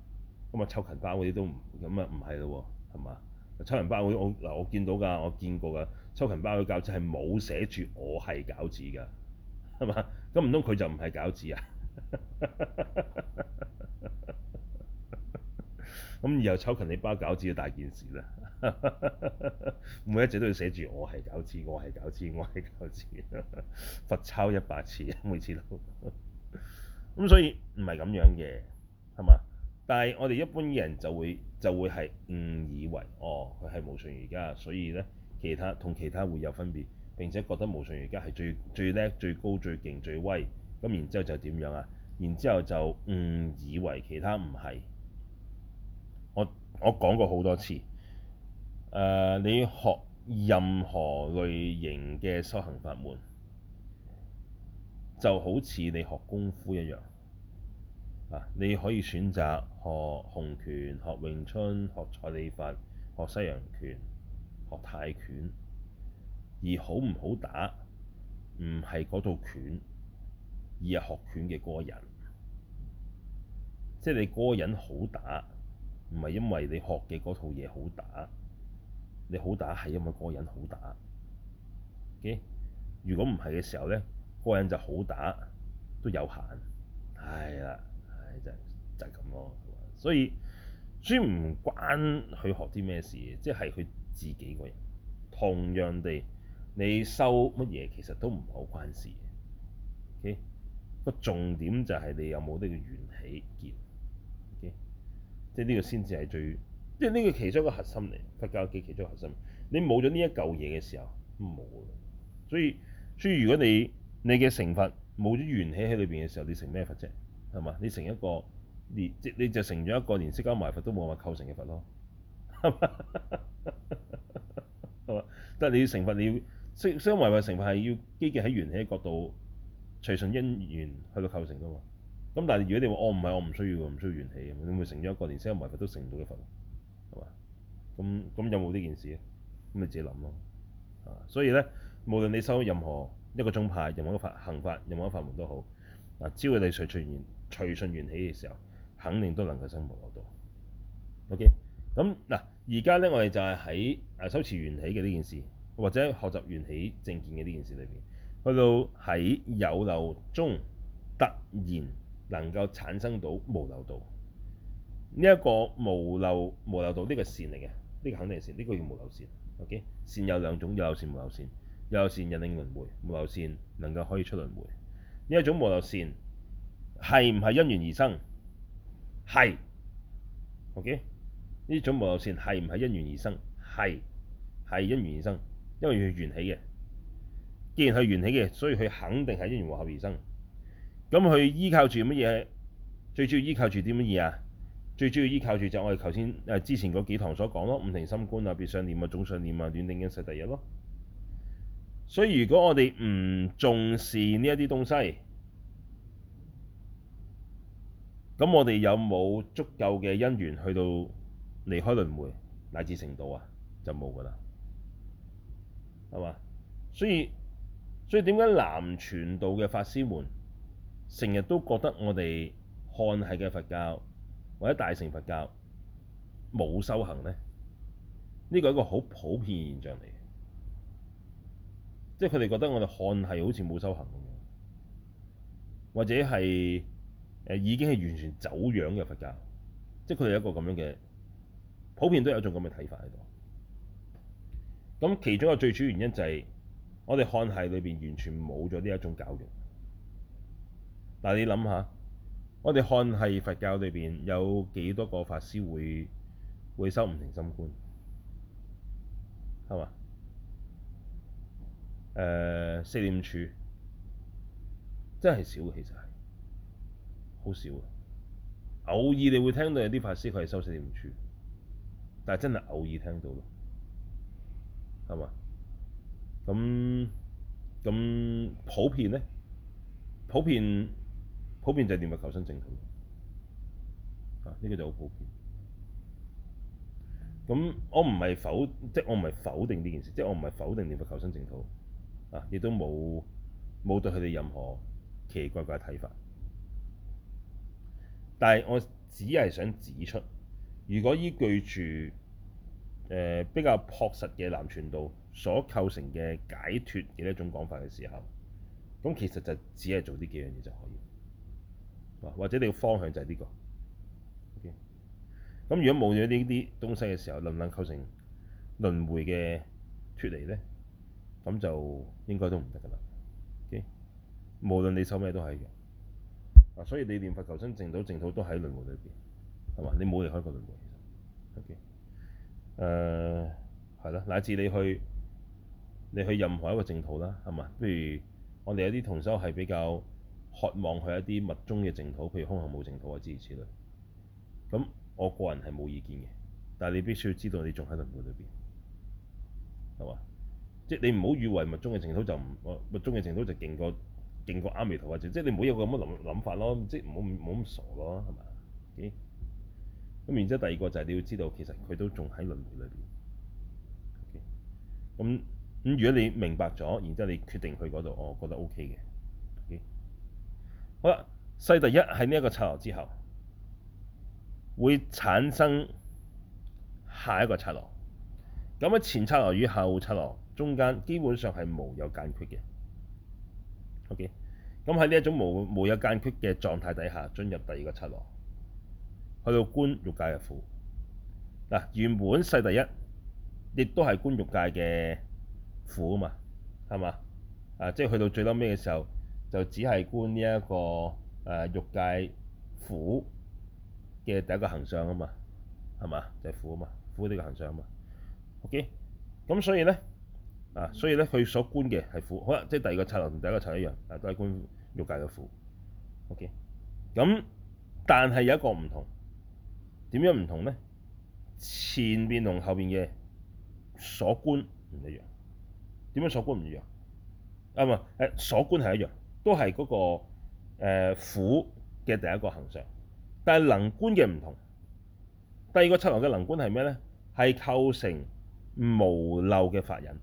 咁啊抽勤包嗰啲都唔，咁啊，唔係咯，係嘛？抽勤包嗰啲我嗱，我，我見到㗎，我見過㗎，抽勤包嘅啲餃子係冇寫住我係餃子㗎，係嘛？咁唔通佢就唔係餃子啊？咁 以後抽勤你包餃子嘅大件事啦～ 每一隻都要寫住我係搞事，我係搞事，我係搞事，罰 抄一百次，每次都咁、 嗯，所以唔係咁樣嘅，係嘛？但係我哋一般人就會就會係誤以為，哦，佢係無上瑜伽，所以呢，其他同其他會有分別，並且覺得無上瑜伽係最最叻、最高、最勁、最威。咁然之後就點樣啊？然之後就誤以為其他唔係。我我講過好多次。Uh, 你學任何類型嘅修行法門，就好似你學功夫一樣，你可以選擇學洪拳、學詠春、學蔡李佛、學西洋拳、學泰拳，而好唔好打，唔係嗰套拳，而係學拳嘅嗰個人。即係你嗰個人好打，唔係因為你學嘅嗰套嘢好打。你好打係因為嗰個人好打，okay？如果唔係嘅時候呢，嗰、那個人就好打都有限，係、哎、啦、哎，就是、就咁、是、咯。所以先唔關佢學啲咩事，即係佢自己個人。同樣地，你收乜嘢其實都唔係好關事。o、okay？個重點就係你有冇呢個緣起結，okay？即係呢個先至係最。即係呢個其中一個核心嚟，佛教嘅其中一個核心。你冇咗呢一嚿嘢嘅時候，冇。所以，所以如果你你嘅成佛冇咗緣起喺裏邊嘅時候，你成咩佛啫？係嘛？你成一個連即你，你就成咗一個連釋迦牟尼佛都冇法構成嘅佛咯，係嘛？ 但係你要成佛，你要釋釋迦牟尼佛成佛係要積極喺緣起嘅角度，隨順因緣去到構成噶嘛。咁但係如果你話我唔係，我唔需要唔需要緣起，你咪成咗一個連釋迦牟尼佛都成唔到嘅佛。咁咁有冇呢件事咧？咁你自己諗咯、啊。所以呢，無論你修任何一個宗派，任何一法行法，任何一法，法門都好，只要你隨順緣、隨順緣起嘅時候，肯定都能夠生無漏道。O K，咁嗱，而、啊、家呢，我哋就係喺誒修持緣起嘅呢件事，或者學習緣起正見嘅呢件事裏邊，去到喺有漏中突然能夠產生到無漏道，呢、這、一個無漏無漏道呢個線嚟嘅。呢個肯定係善，呢、這個叫無漏善。O.K. 善有兩種，有漏善、無漏善。有漏善引領輪迴，無漏善能夠可以出輪迴。呢一種無漏善係唔係因緣而生？係。O.K. 呢種無漏善係唔係因緣而生？係，係因緣而生，因為佢係緣起嘅。既然係緣起嘅，所以佢肯定係因緣和合而生。咁佢依靠住乜嘢？最主要依靠住啲乜嘢啊？最主要依靠住就我哋頭先誒之前嗰幾堂所講咯，五停心觀啊、別相念啊、總相念啊、煖、頂、忍、世第一咯。所以如果我哋唔重視呢一啲東西，咁我哋有冇足夠嘅因緣去到離開輪迴乃至成道啊？就冇噶啦，係嘛？所以，所以點解南傳道嘅法師們成日都覺得我哋漢系嘅佛教？或者大乘佛教冇修行呢，呢個係一個好普遍嘅現象嚟嘅。即係佢哋覺得我哋漢系好似冇修行咁樣，或者係誒已經係完全走樣嘅佛教，即係佢哋有一個咁樣嘅普遍都有一種咁嘅睇法喺度。咁其中一個最主要原因就係我哋漢系裏邊完全冇咗呢一種教育。但係你諗下。我哋看係佛教裏邊有幾多個法師會會修五停心觀，係嘛？誒四念處真係少嘅，其實係好少嘅。偶爾你會聽到有啲法師佢係修四念處，但係真係偶爾聽到咯，係嘛？咁咁普遍呢？普遍？普遍就係念佛求生淨土啊！呢、這個就好普遍。咁、啊、我唔係否即係、就是、我唔係否定呢件事，即、就、係、是、我唔係否定念佛求生淨土啊，亦都冇冇對佢哋任何奇奇怪怪嘅睇法。但係我只係想指出，如果依據住誒比較朴實嘅南傳道所構成嘅解脱嘅一種講法嘅時候，咁其實就只係做啲幾樣嘢就可以。或者你嘅方向就係呢、這個，咁、okay? 如果冇咗呢啲東西嘅時候，能唔能構成輪迴嘅脫離呢？咁就應該都唔得噶啦。Okay? 無論你修咩都係嘅、啊，所以你念佛求生、淨土、淨土都喺輪迴裏邊，係嘛？你冇離開過輪迴。誒、okay? 呃，係咯，乃至你去你去任何一個淨土啦，係嘛？譬如我哋有啲同修係比較。渴望去一啲密宗嘅淨土，譬如空行母淨土啊之如此類。咁我個人係冇意見嘅，但係你必須要知道你仲喺輪迴裏邊，係嘛？即係你唔好以為密宗嘅淨土就唔，密宗嘅淨土就勁過勁過阿彌陀或者，即係你唔好有咁嘅諗諗法咯，即係唔好唔好咁傻咯，係嘛？咁、okay? 咁然之後第二個就係你要知道其實佢都仲喺輪迴裏邊。咁、okay? 咁如果你明白咗，然之後你決定去嗰度，我覺得 OK 嘅。好啦，世第一喺呢一個剎那之後，會產生下一個剎那。咁啊，前剎那與後剎那中間基本上係冇有間隙嘅。O.K.，咁喺呢一種冇無有間隙嘅、okay? 狀態底下，進入第二個剎那。去到觀欲界嘅苦。嗱、啊，原本世第一亦都係觀欲界嘅苦啊嘛，係嘛？啊，即係去到最尾嘅時候。就只係觀呢、這、一個誒欲、呃、界苦嘅第一個行相啊嘛，係、就是、嘛？就係苦啊嘛，苦呢個行相啊嘛。OK，咁所以咧啊，所以咧佢所觀嘅係苦，好啦，即係第二個剎那同第一個剎那一樣，都係觀欲界嘅苦。OK，咁但係有一個唔同，點樣唔同咧？前邊同後邊嘅所觀唔一樣，點樣所觀唔一樣？啊唔係、誒，所觀係一樣。都係嗰、那個苦嘅、呃、第一個行相，但係能觀嘅唔同。第二個七行嘅能觀係咩咧？係構成無漏嘅法忍。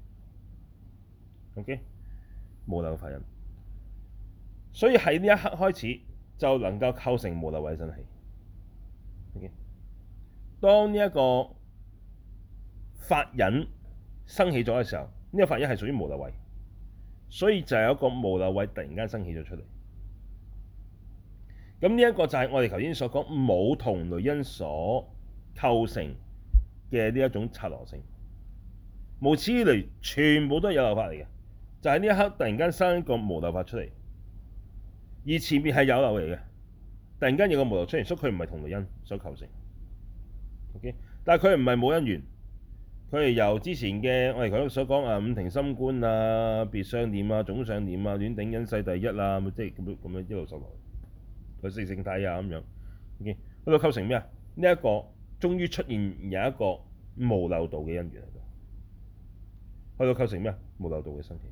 OK，無漏嘅法忍。所以喺呢一刻開始，就能夠構成無漏慧生起。OK，當呢一個法忍生起咗嘅時候，呢、這個法忍係屬於無漏慧。所以就係有一個無漏位突然間生起咗出嚟，咁呢一個就係我哋頭先所講冇同類因所構成嘅呢一種剎那性。無始以來，全部都係有漏法嚟嘅，就係、是、呢一刻突然間生一個無漏法出嚟，而前面係有漏嚟嘅，突然間有個無漏出現，所以佢唔係同類因所構成，OK，但係佢唔係冇因緣。佢係由之前嘅我哋頭先所講啊，五停心觀啊、別相念啊、總相念啊、煖頂忍世第一啦、啊，即係咁樣咁樣一路落去，佢四性體啊咁樣，OK，去到構成咩啊？呢、這、一個終於出現有一個無漏道嘅因緣喺度，去到構成咩啊？無漏道嘅生起，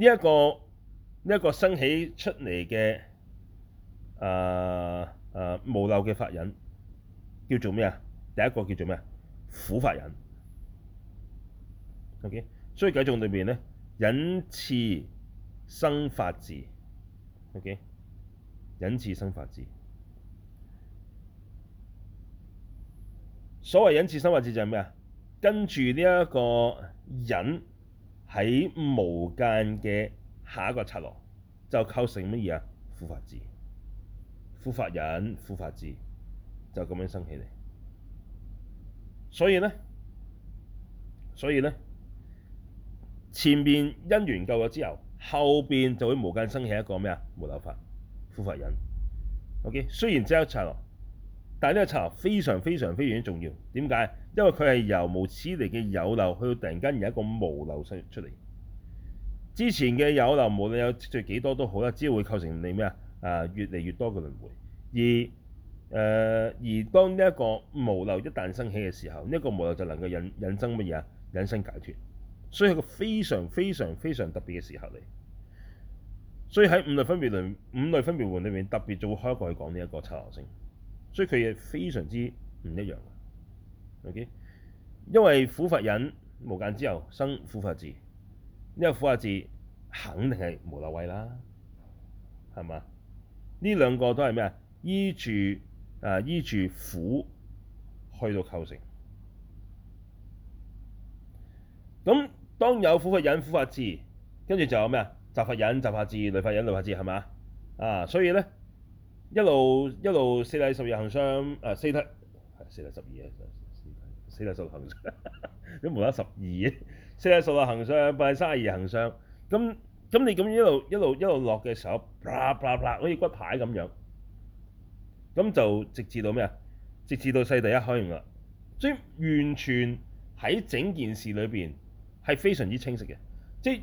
呢、這、一個呢一、這個生起出嚟嘅啊啊無漏嘅法忍叫做咩啊？第一個叫做咩啊？苦法忍，OK。所以偈頌裏邊咧，忍次生法智，OK。忍次生法智，所謂忍次生法智就係咩啊？跟住呢一個忍喺無間嘅下一個剎那，就構成乜嘢啊？苦法智，苦法忍、苦法智就咁樣生起嚟。所以咧，所以咧，前面因緣夠咗之後，後邊就會無間生起一個咩啊？無漏法、苦法忍。O.K. 雖然只有一剎那，但呢個剎那非常非常非常之重要。點解？因為佢係由無始以來嘅有漏，去到突然間有一個無漏出出嚟。之前嘅有漏，無論有積聚幾多都好，只會構成你咩啊？啊，越嚟越多嘅輪迴。而誒、呃、而當呢一個無漏一旦生起嘅時候，呢、這、一個無漏就能夠引引生乜嘢啊？引生解脫，所以係一個非常非常非常特別嘅時候嚟。所以喺五類分別門、五類分別門裏面，特別就會開一個去講呢一個剎那性，所以佢亦非常之唔一樣。OK，因為苦法忍無間之後生苦法智，呢、這個苦法智肯定係無漏慧啦，係嘛？呢兩個都係咩啊？依住啊！依住苦去到構成，咁當有苦法忍苦法智，跟住就有咩啊？集法忍、集法智、類法忍、類法智，係嘛？啊！所以咧，一路一路四諦十二行相，誒四諦，四諦十二啊，四四諦十二行相。咁 冇得十二。四諦十,十六行相。八諦三十二行相。咁咁你咁一路一路一路，一路落嘅時候，啪啪啪，好似骨牌咁樣。咁就直至到咩啊？直至到世第一開用啦，所以完全喺整件事裏邊係非常之清晰嘅。即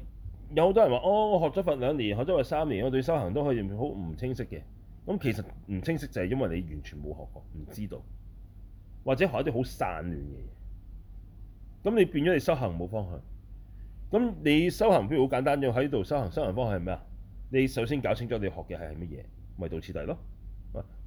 有好多人話：哦，我學咗佛兩年，學咗佛三年，我對修行都可以好唔清晰嘅。咁其實唔清晰就係因為你完全冇學過，唔知道，或者學一啲好散亂嘅嘢。咁你變咗你修行冇方向。咁你修行，譬如好簡單，要喺度修行。修行方向係咩啊？你首先搞清楚你學嘅係係乜嘢，咪到此第咯。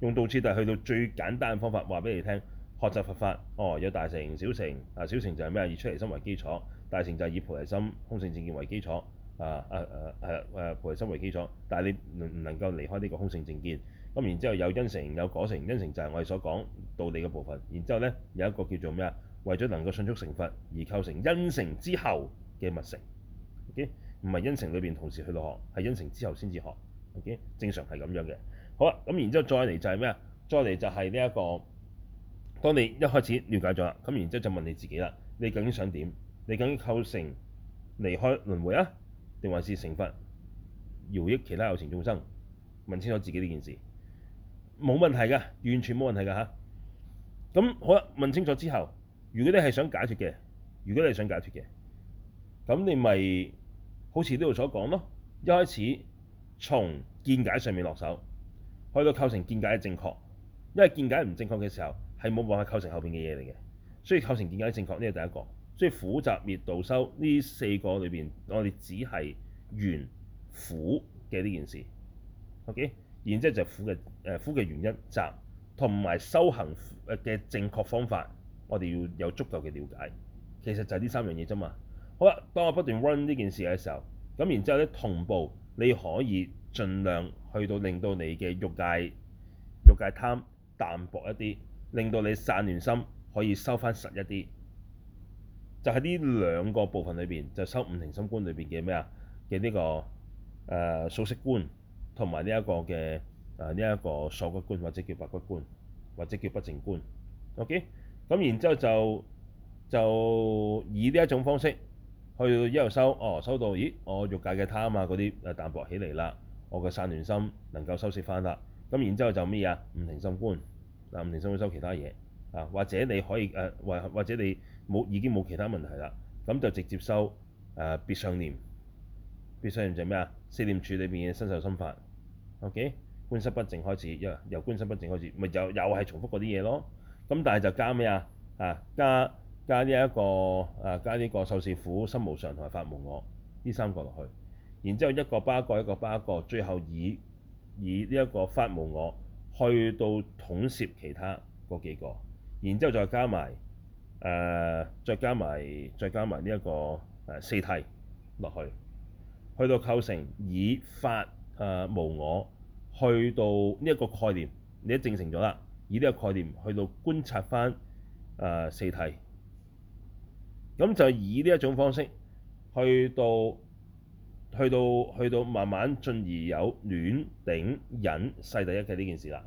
用道次就係去到最簡單嘅方法，話俾你聽。學習佛法，哦，有大乘、小乘。啊，小乘就係咩？以出離心為基礎；大乘就係以菩提心、空性正見為基礎。啊啊啊，係啊，菩、啊、提、啊啊、心為基礎。但係你能唔能夠離開呢個空性正見？咁然後之後有因乘、有果乘。因乘就係我哋所講道理嘅部分。然後之後咧有一個叫做咩啊？為咗能夠迅速成佛而構成因乘之後嘅密乘。O K，唔係因乘裏邊同時去學，係因乘之後先至學。O、OK? K，正常係咁樣嘅。好啦，咁然之後再嚟就係咩啊？再嚟就係呢一個。當你一開始瞭解咗啦，咁然之後就問你自己啦。你究竟想點？你究竟構成離開輪迴啊，定還是成佛、饒益其他有情眾生？問清楚自己呢件事，冇問題㗎，完全冇問題㗎嚇。咁好啦，問清楚之後，如果你係想解脫嘅，如果你係想解脫嘅，咁你咪好似呢度所講咯。一開始從見解上面落手。去到構成見解嘅正確，因為見解唔正確嘅時候係冇辦法構成後邊嘅嘢嚟嘅，所以構成見解正確呢係第一個。所以苦集滅道修呢四個裏邊，我哋只係緣苦嘅呢件事。OK? 然之後就苦嘅誒、呃、苦嘅原因集同埋修行誒嘅正確方法，我哋要有足夠嘅了解。其實就係呢三樣嘢咋嘛。好啦，當我不斷 run 呢件事嘅時候，咁然之後咧同步你可以。儘量去到令到你嘅欲界欲界貪淡薄一啲，令到你散亂心可以收翻實一啲，就喺呢兩個部分裏邊，就收五停心觀裏邊嘅咩啊嘅呢個誒數息觀，同埋呢一個嘅誒呢一個鎖骨觀或者叫白骨觀或者叫不淨觀。OK，咁然之後就就以呢一種方式去一路收，哦，收到咦，我欲界嘅貪啊嗰啲誒淡薄起嚟啦。我嘅散亂心能夠收攝翻啦，咁然之後就咩啊？五停心觀，啊五停心觀收其他嘢，啊或者你可以誒或、呃、或者你冇已經冇其他問題啦，咁就直接收誒、呃、別相念，別相念就咩啊？四念處裏邊嘅身受心法，OK，觀身不淨開始，由由觀身不淨開始，咪又又係重複嗰啲嘢咯，咁但係就加咩啊？加加這個、啊加加呢一個誒加呢個受是苦，心無常同埋法無我呢三個落去。然之後一個巴葛，一個巴葛，最後以以呢一個法無我去到統攝其他嗰幾個，然之後再加埋誒、呃，再加埋再加埋呢一個誒、呃、四體落去，去到構成以法誒、呃、無我去到呢一個概念，你都證成咗啦，以呢個概念去到觀察翻誒、呃、四體，咁就以呢一種方式去到。去到去到，去到慢慢進而有煖頂忍世第一嘅呢件事啦，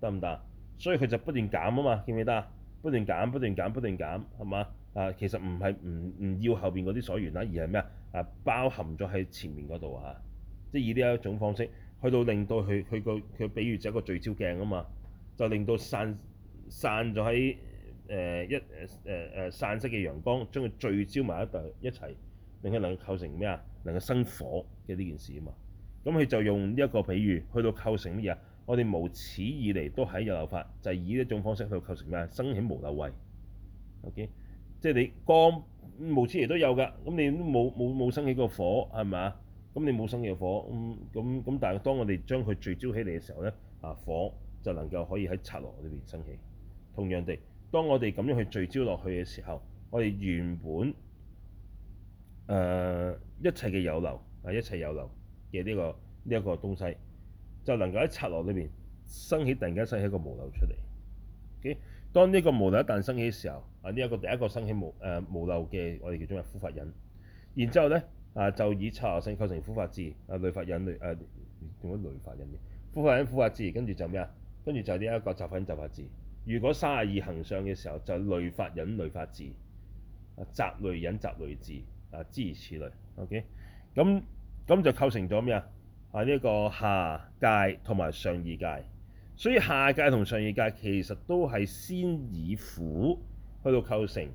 得唔得？所以佢就不斷減啊嘛，見唔見得？不斷減不斷減不斷減，係嘛？啊，其實唔係唔唔要後邊嗰啲所緣啦，而係咩啊？啊，包含咗喺前面嗰度啊，即係以呢一種方式去到令到佢佢個佢，比喻就係一個聚焦鏡啊嘛，就令到散散咗喺誒一誒誒誒散色嘅陽光，將佢聚焦埋一嚿一齊，令佢能夠構成咩啊？能夠生火嘅呢件事啊嘛，咁佢就用呢一個比喻去到構成乜嘢啊？我哋無始以嚟都喺有漏法，就係、是、以呢種方式去構成咩？生起無漏慧，OK，即係你光無始以嚟都有㗎，咁你都冇冇冇生起個火係咪啊？咁你冇生起個火，咁咁咁，但係當我哋將佢聚焦起嚟嘅時候咧，啊火就能夠可以喺察羅呢邊生起。同樣地，當我哋咁樣去聚焦落去嘅時候，我哋原本。誒一切嘅有漏啊，一切有漏嘅呢個呢一個東西，就能夠喺剎那裏面，生起突然間生起一個無漏出嚟。當呢個無漏一旦生起嘅時候，啊呢一個第一個生起無誒無漏嘅，我哋叫做咩啊？苦法忍，然之後咧啊就以剎那性構成苦法智啊，類法忍類誒點解類法忍嘅？苦法忍。苦法智，跟住就咩啊？跟住就呢一個集法忍集法智。如果三十二行上嘅時候，就類法忍類法智啊，集類忍集類智。啊，諸如此類，OK，咁咁就構成咗咩啊？係呢一個下界同埋上二界，所以下界同上二界其實都係先以苦去到構成，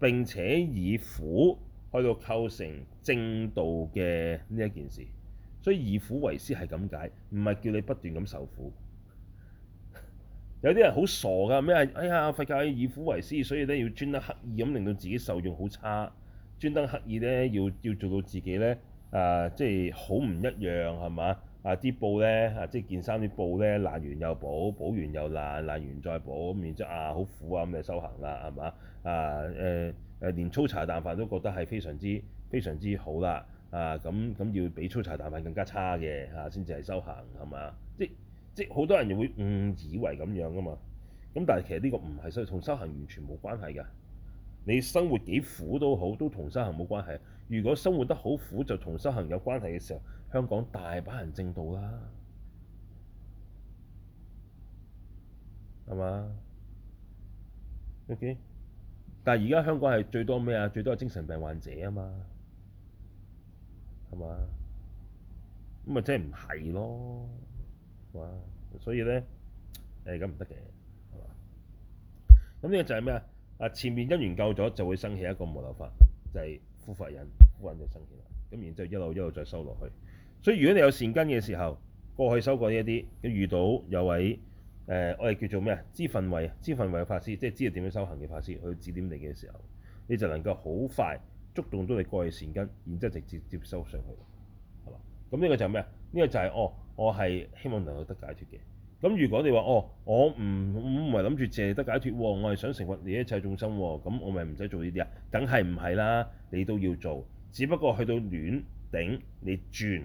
並且以苦去到構成正道嘅呢一件事，所以以苦為師係咁解，唔係叫你不斷咁受苦。 有啲人好傻噶，咩？哎呀，佛教以苦為師，所以咧要專登刻意咁令到自己受用好差。專登刻意咧，要要做到自己咧、呃，啊，即係好唔一樣係嘛？啊，啲布咧，啊，即係件衫啲布咧，爛完又補，補完又爛，爛完再補，咁然之後啊，好苦啊，咁就修行啦係嘛？啊，誒、呃、誒、呃呃，連粗茶淡飯都覺得係非常之非常之好啦，啊，咁咁要比粗茶淡飯更加差嘅嚇，先至係修行係嘛？即即係好多人會誤以為咁樣噶嘛，咁但係其實呢個唔係，所以同修行完全冇關係㗎。你生活幾苦都好，都同修行冇關係。如果生活得好苦，就同修行有關係嘅時候，香港大把人證道啦，係嘛？O K，但係而家香港係最多咩啊？最多係精神病患者啊嘛，係嘛？咁咪即係唔係咯，係嘛？所以咧，誒咁唔得嘅，係嘛？咁呢個就係咩啊？啊！前面因緣夠咗，就會生起一個無漏法，就係、是、苦法忍，苦法忍就生起喇，咁然之後一路一路再修落去。所以如果你有善根嘅時候，過去修過呢一啲，咁遇到有位誒、呃，我哋叫做咩啊？知分位、知分位嘅法師，即係知道點樣修行嘅法師去指點你嘅時候，你就能夠好快觸動到你過去善根，然之後直接接收上去，係嘛？咁呢個就係咩啊？呢、這個就係、是、哦，我係希望能夠得解脫嘅。咁如果你話哦，我唔唔係諗住借得解脫喎，我係想成佛利一切眾生喎，咁我咪唔使做呢啲啊？梗係唔係啦，你都要做，只不過去到暖頂你轉，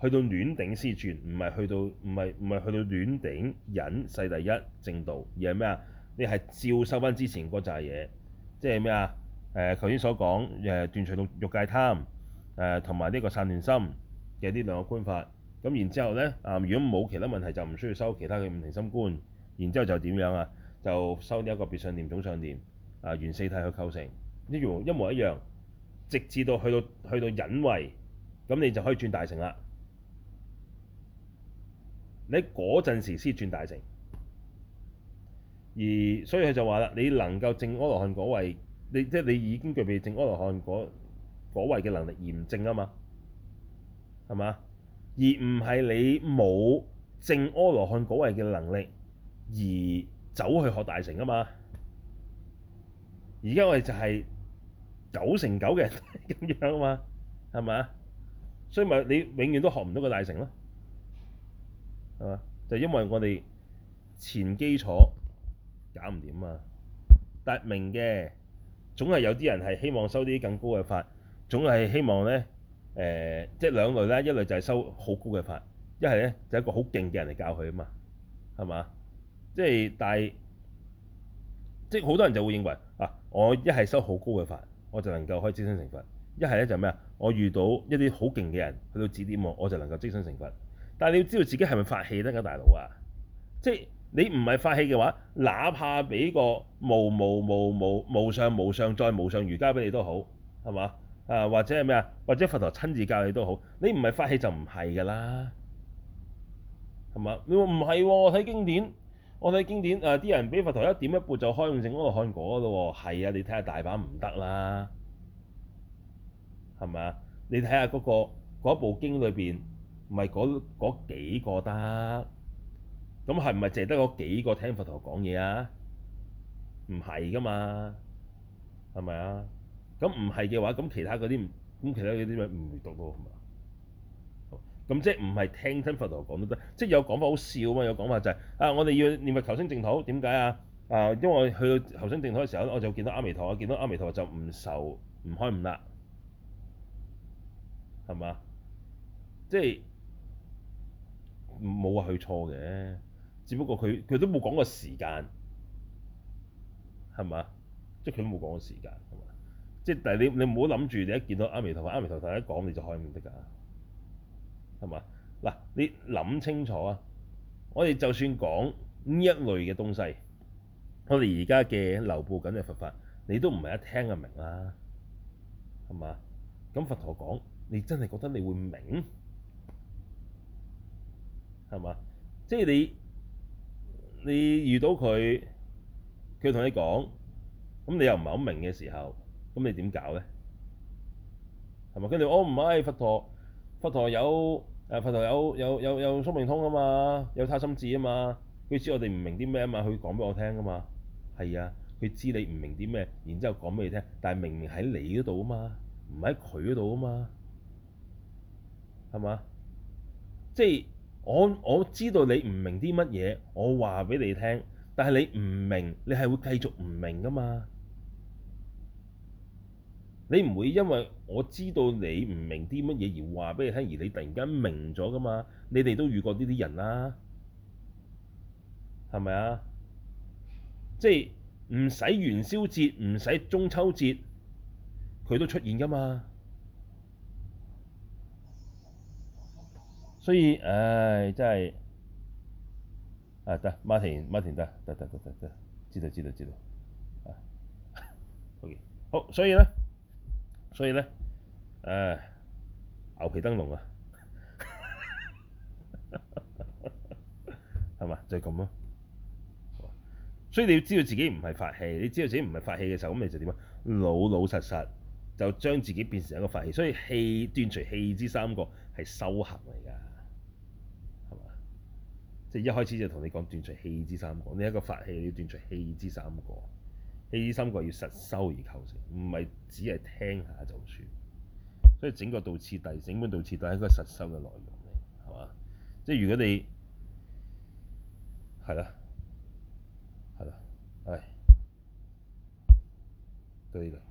去到暖頂先轉，唔係去到唔係唔係去到暖頂忍世第一正道，而係咩啊？你係照收翻之前嗰扎嘢，即係咩啊？誒頭先所講誒、呃、斷除慾欲界貪誒同埋呢個散亂心嘅呢兩個觀法。咁然之後呢，啊，如果冇其他問題，就唔需要修其他嘅五停心觀。然之後就點樣啊？就修呢一個別相念總相念啊，緣、呃、四諦去構成一樣一模一樣，直至到去到去到忍位，咁你就可以轉大乘啦。你嗰陣時先轉大乘，而所以佢就話啦，你能夠證阿羅漢果位，你即係你已經具備證阿羅漢果，果位嘅能力而唔證啊嘛，係嘛？而唔係你冇證阿羅漢果位嘅能力而走去學大乘啊嘛！而家我哋就係九成九嘅人咁樣啊嘛，係咪？所以咪你永遠都學唔到個大乘咯，係嘛？就因為我哋前基礎搞唔掂啊嘛！達明嘅總係有啲人係希望修啲更高嘅法，總係希望呢。誒、呃，即係兩類啦，一類就係收好高嘅法，一係咧就是、一個好勁嘅人嚟教佢啊嘛，係嘛？即係但係，即係好多人就會認為啊，我一係收好高嘅法，我就能夠可以即身成佛；一係咧就咩、是、啊？我遇到一啲好勁嘅人去到指點我，我就能夠即身成佛。」但係你要知道自己係咪法器得噶大佬啊？即係你唔係法器嘅話，哪怕俾個無無無無無，無上無上再無上瑜伽俾你都好，係嘛？誒、啊、或者係咩啊？或者佛陀親自教你都好，你唔係發起就唔係㗎啦，係嘛？你話唔係喎？睇、哦、經典，我睇經典誒，啲、啊、人俾佛陀一點一撥就開悟性嗰個看果㗎咯喎。係啊，你睇下大把唔得啦，係咪啊？你睇下嗰個嗰部經裏邊，唔係嗰嗰幾個得，咁係唔係淨係得嗰幾個聽佛陀講嘢啊？唔係㗎嘛，係咪啊？咁唔係嘅話，咁其他嗰啲唔，咁其他嗰啲咪唔讀咯，係嘛？咁即係唔係聽真佛陀講都得，即係有講法好笑嘛？有講法就係、是、啊，我哋要念佛求生淨土，點解啊？啊，因為我去到求生淨土嘅時候，我就見到阿彌陀，我、啊、見到阿彌陀就唔受唔開悟啦，係嘛？即係冇話佢錯嘅，只不過佢佢都冇講過時間，係嘛？即係佢都冇講過時間。即係，但係你你唔好諗住，你一見到阿彌陀佛、阿彌陀佛一講，你就開悟得㗎，係嘛？嗱，你諗清楚啊！我哋就算講呢一類嘅東西，我哋而家嘅流布緊嘅佛法，你都唔係一聽就明啦，係嘛？咁佛陀講，你真係覺得你會明，係嘛？即係你你遇到佢，佢同你講，咁你又唔係好明嘅時候。咁你點搞呢？係咪？跟住我唔係，oh、my，佛陀，佛陀有誒、啊，佛陀有有有有宿命通啊嘛，有他心智啊嘛，佢知我哋唔明啲咩啊嘛，佢講俾我聽啊嘛。係啊，佢知你唔明啲咩，然之後講俾你聽，但係明明喺你嗰度啊嘛，唔喺佢嗰度啊嘛，係嘛？即、就、係、是、我我知道你唔明啲乜嘢，我話俾你聽，但係你唔明，你係會繼續唔明噶嘛？你唔會因為我知道你唔明啲乜嘢而話俾你聽，而你突然間明咗噶嘛？你哋都遇過呢啲人啦，係咪啊？是是啊即係唔使元宵節，唔使中秋節，佢都出現噶嘛？所以，唉、呃，真、就、係、是、啊得，Martin、Martin 得得得得得，知道知道知道啊，好、okay. 好，所以咧。所以咧，誒、呃、牛皮燈籠啊，係 嘛？ 就係咁咯。所以你要知道自己唔係法器，你知道自己唔係法器嘅時候，咁你就點啊？老老實實就將自己變成一個法器。所以器斷除器之三個係修行嚟㗎，係嘛？即、就、係、是、一開始就同你講斷除器之三個，你一個法器你要斷除器之三個。呢三個要實修而構成，唔係只係聽下就算。所以整個道次第，整本道次第係一個實修嘅內容嚟，係嘛？即係如果你係啦，係啦，唉，對啦，這個。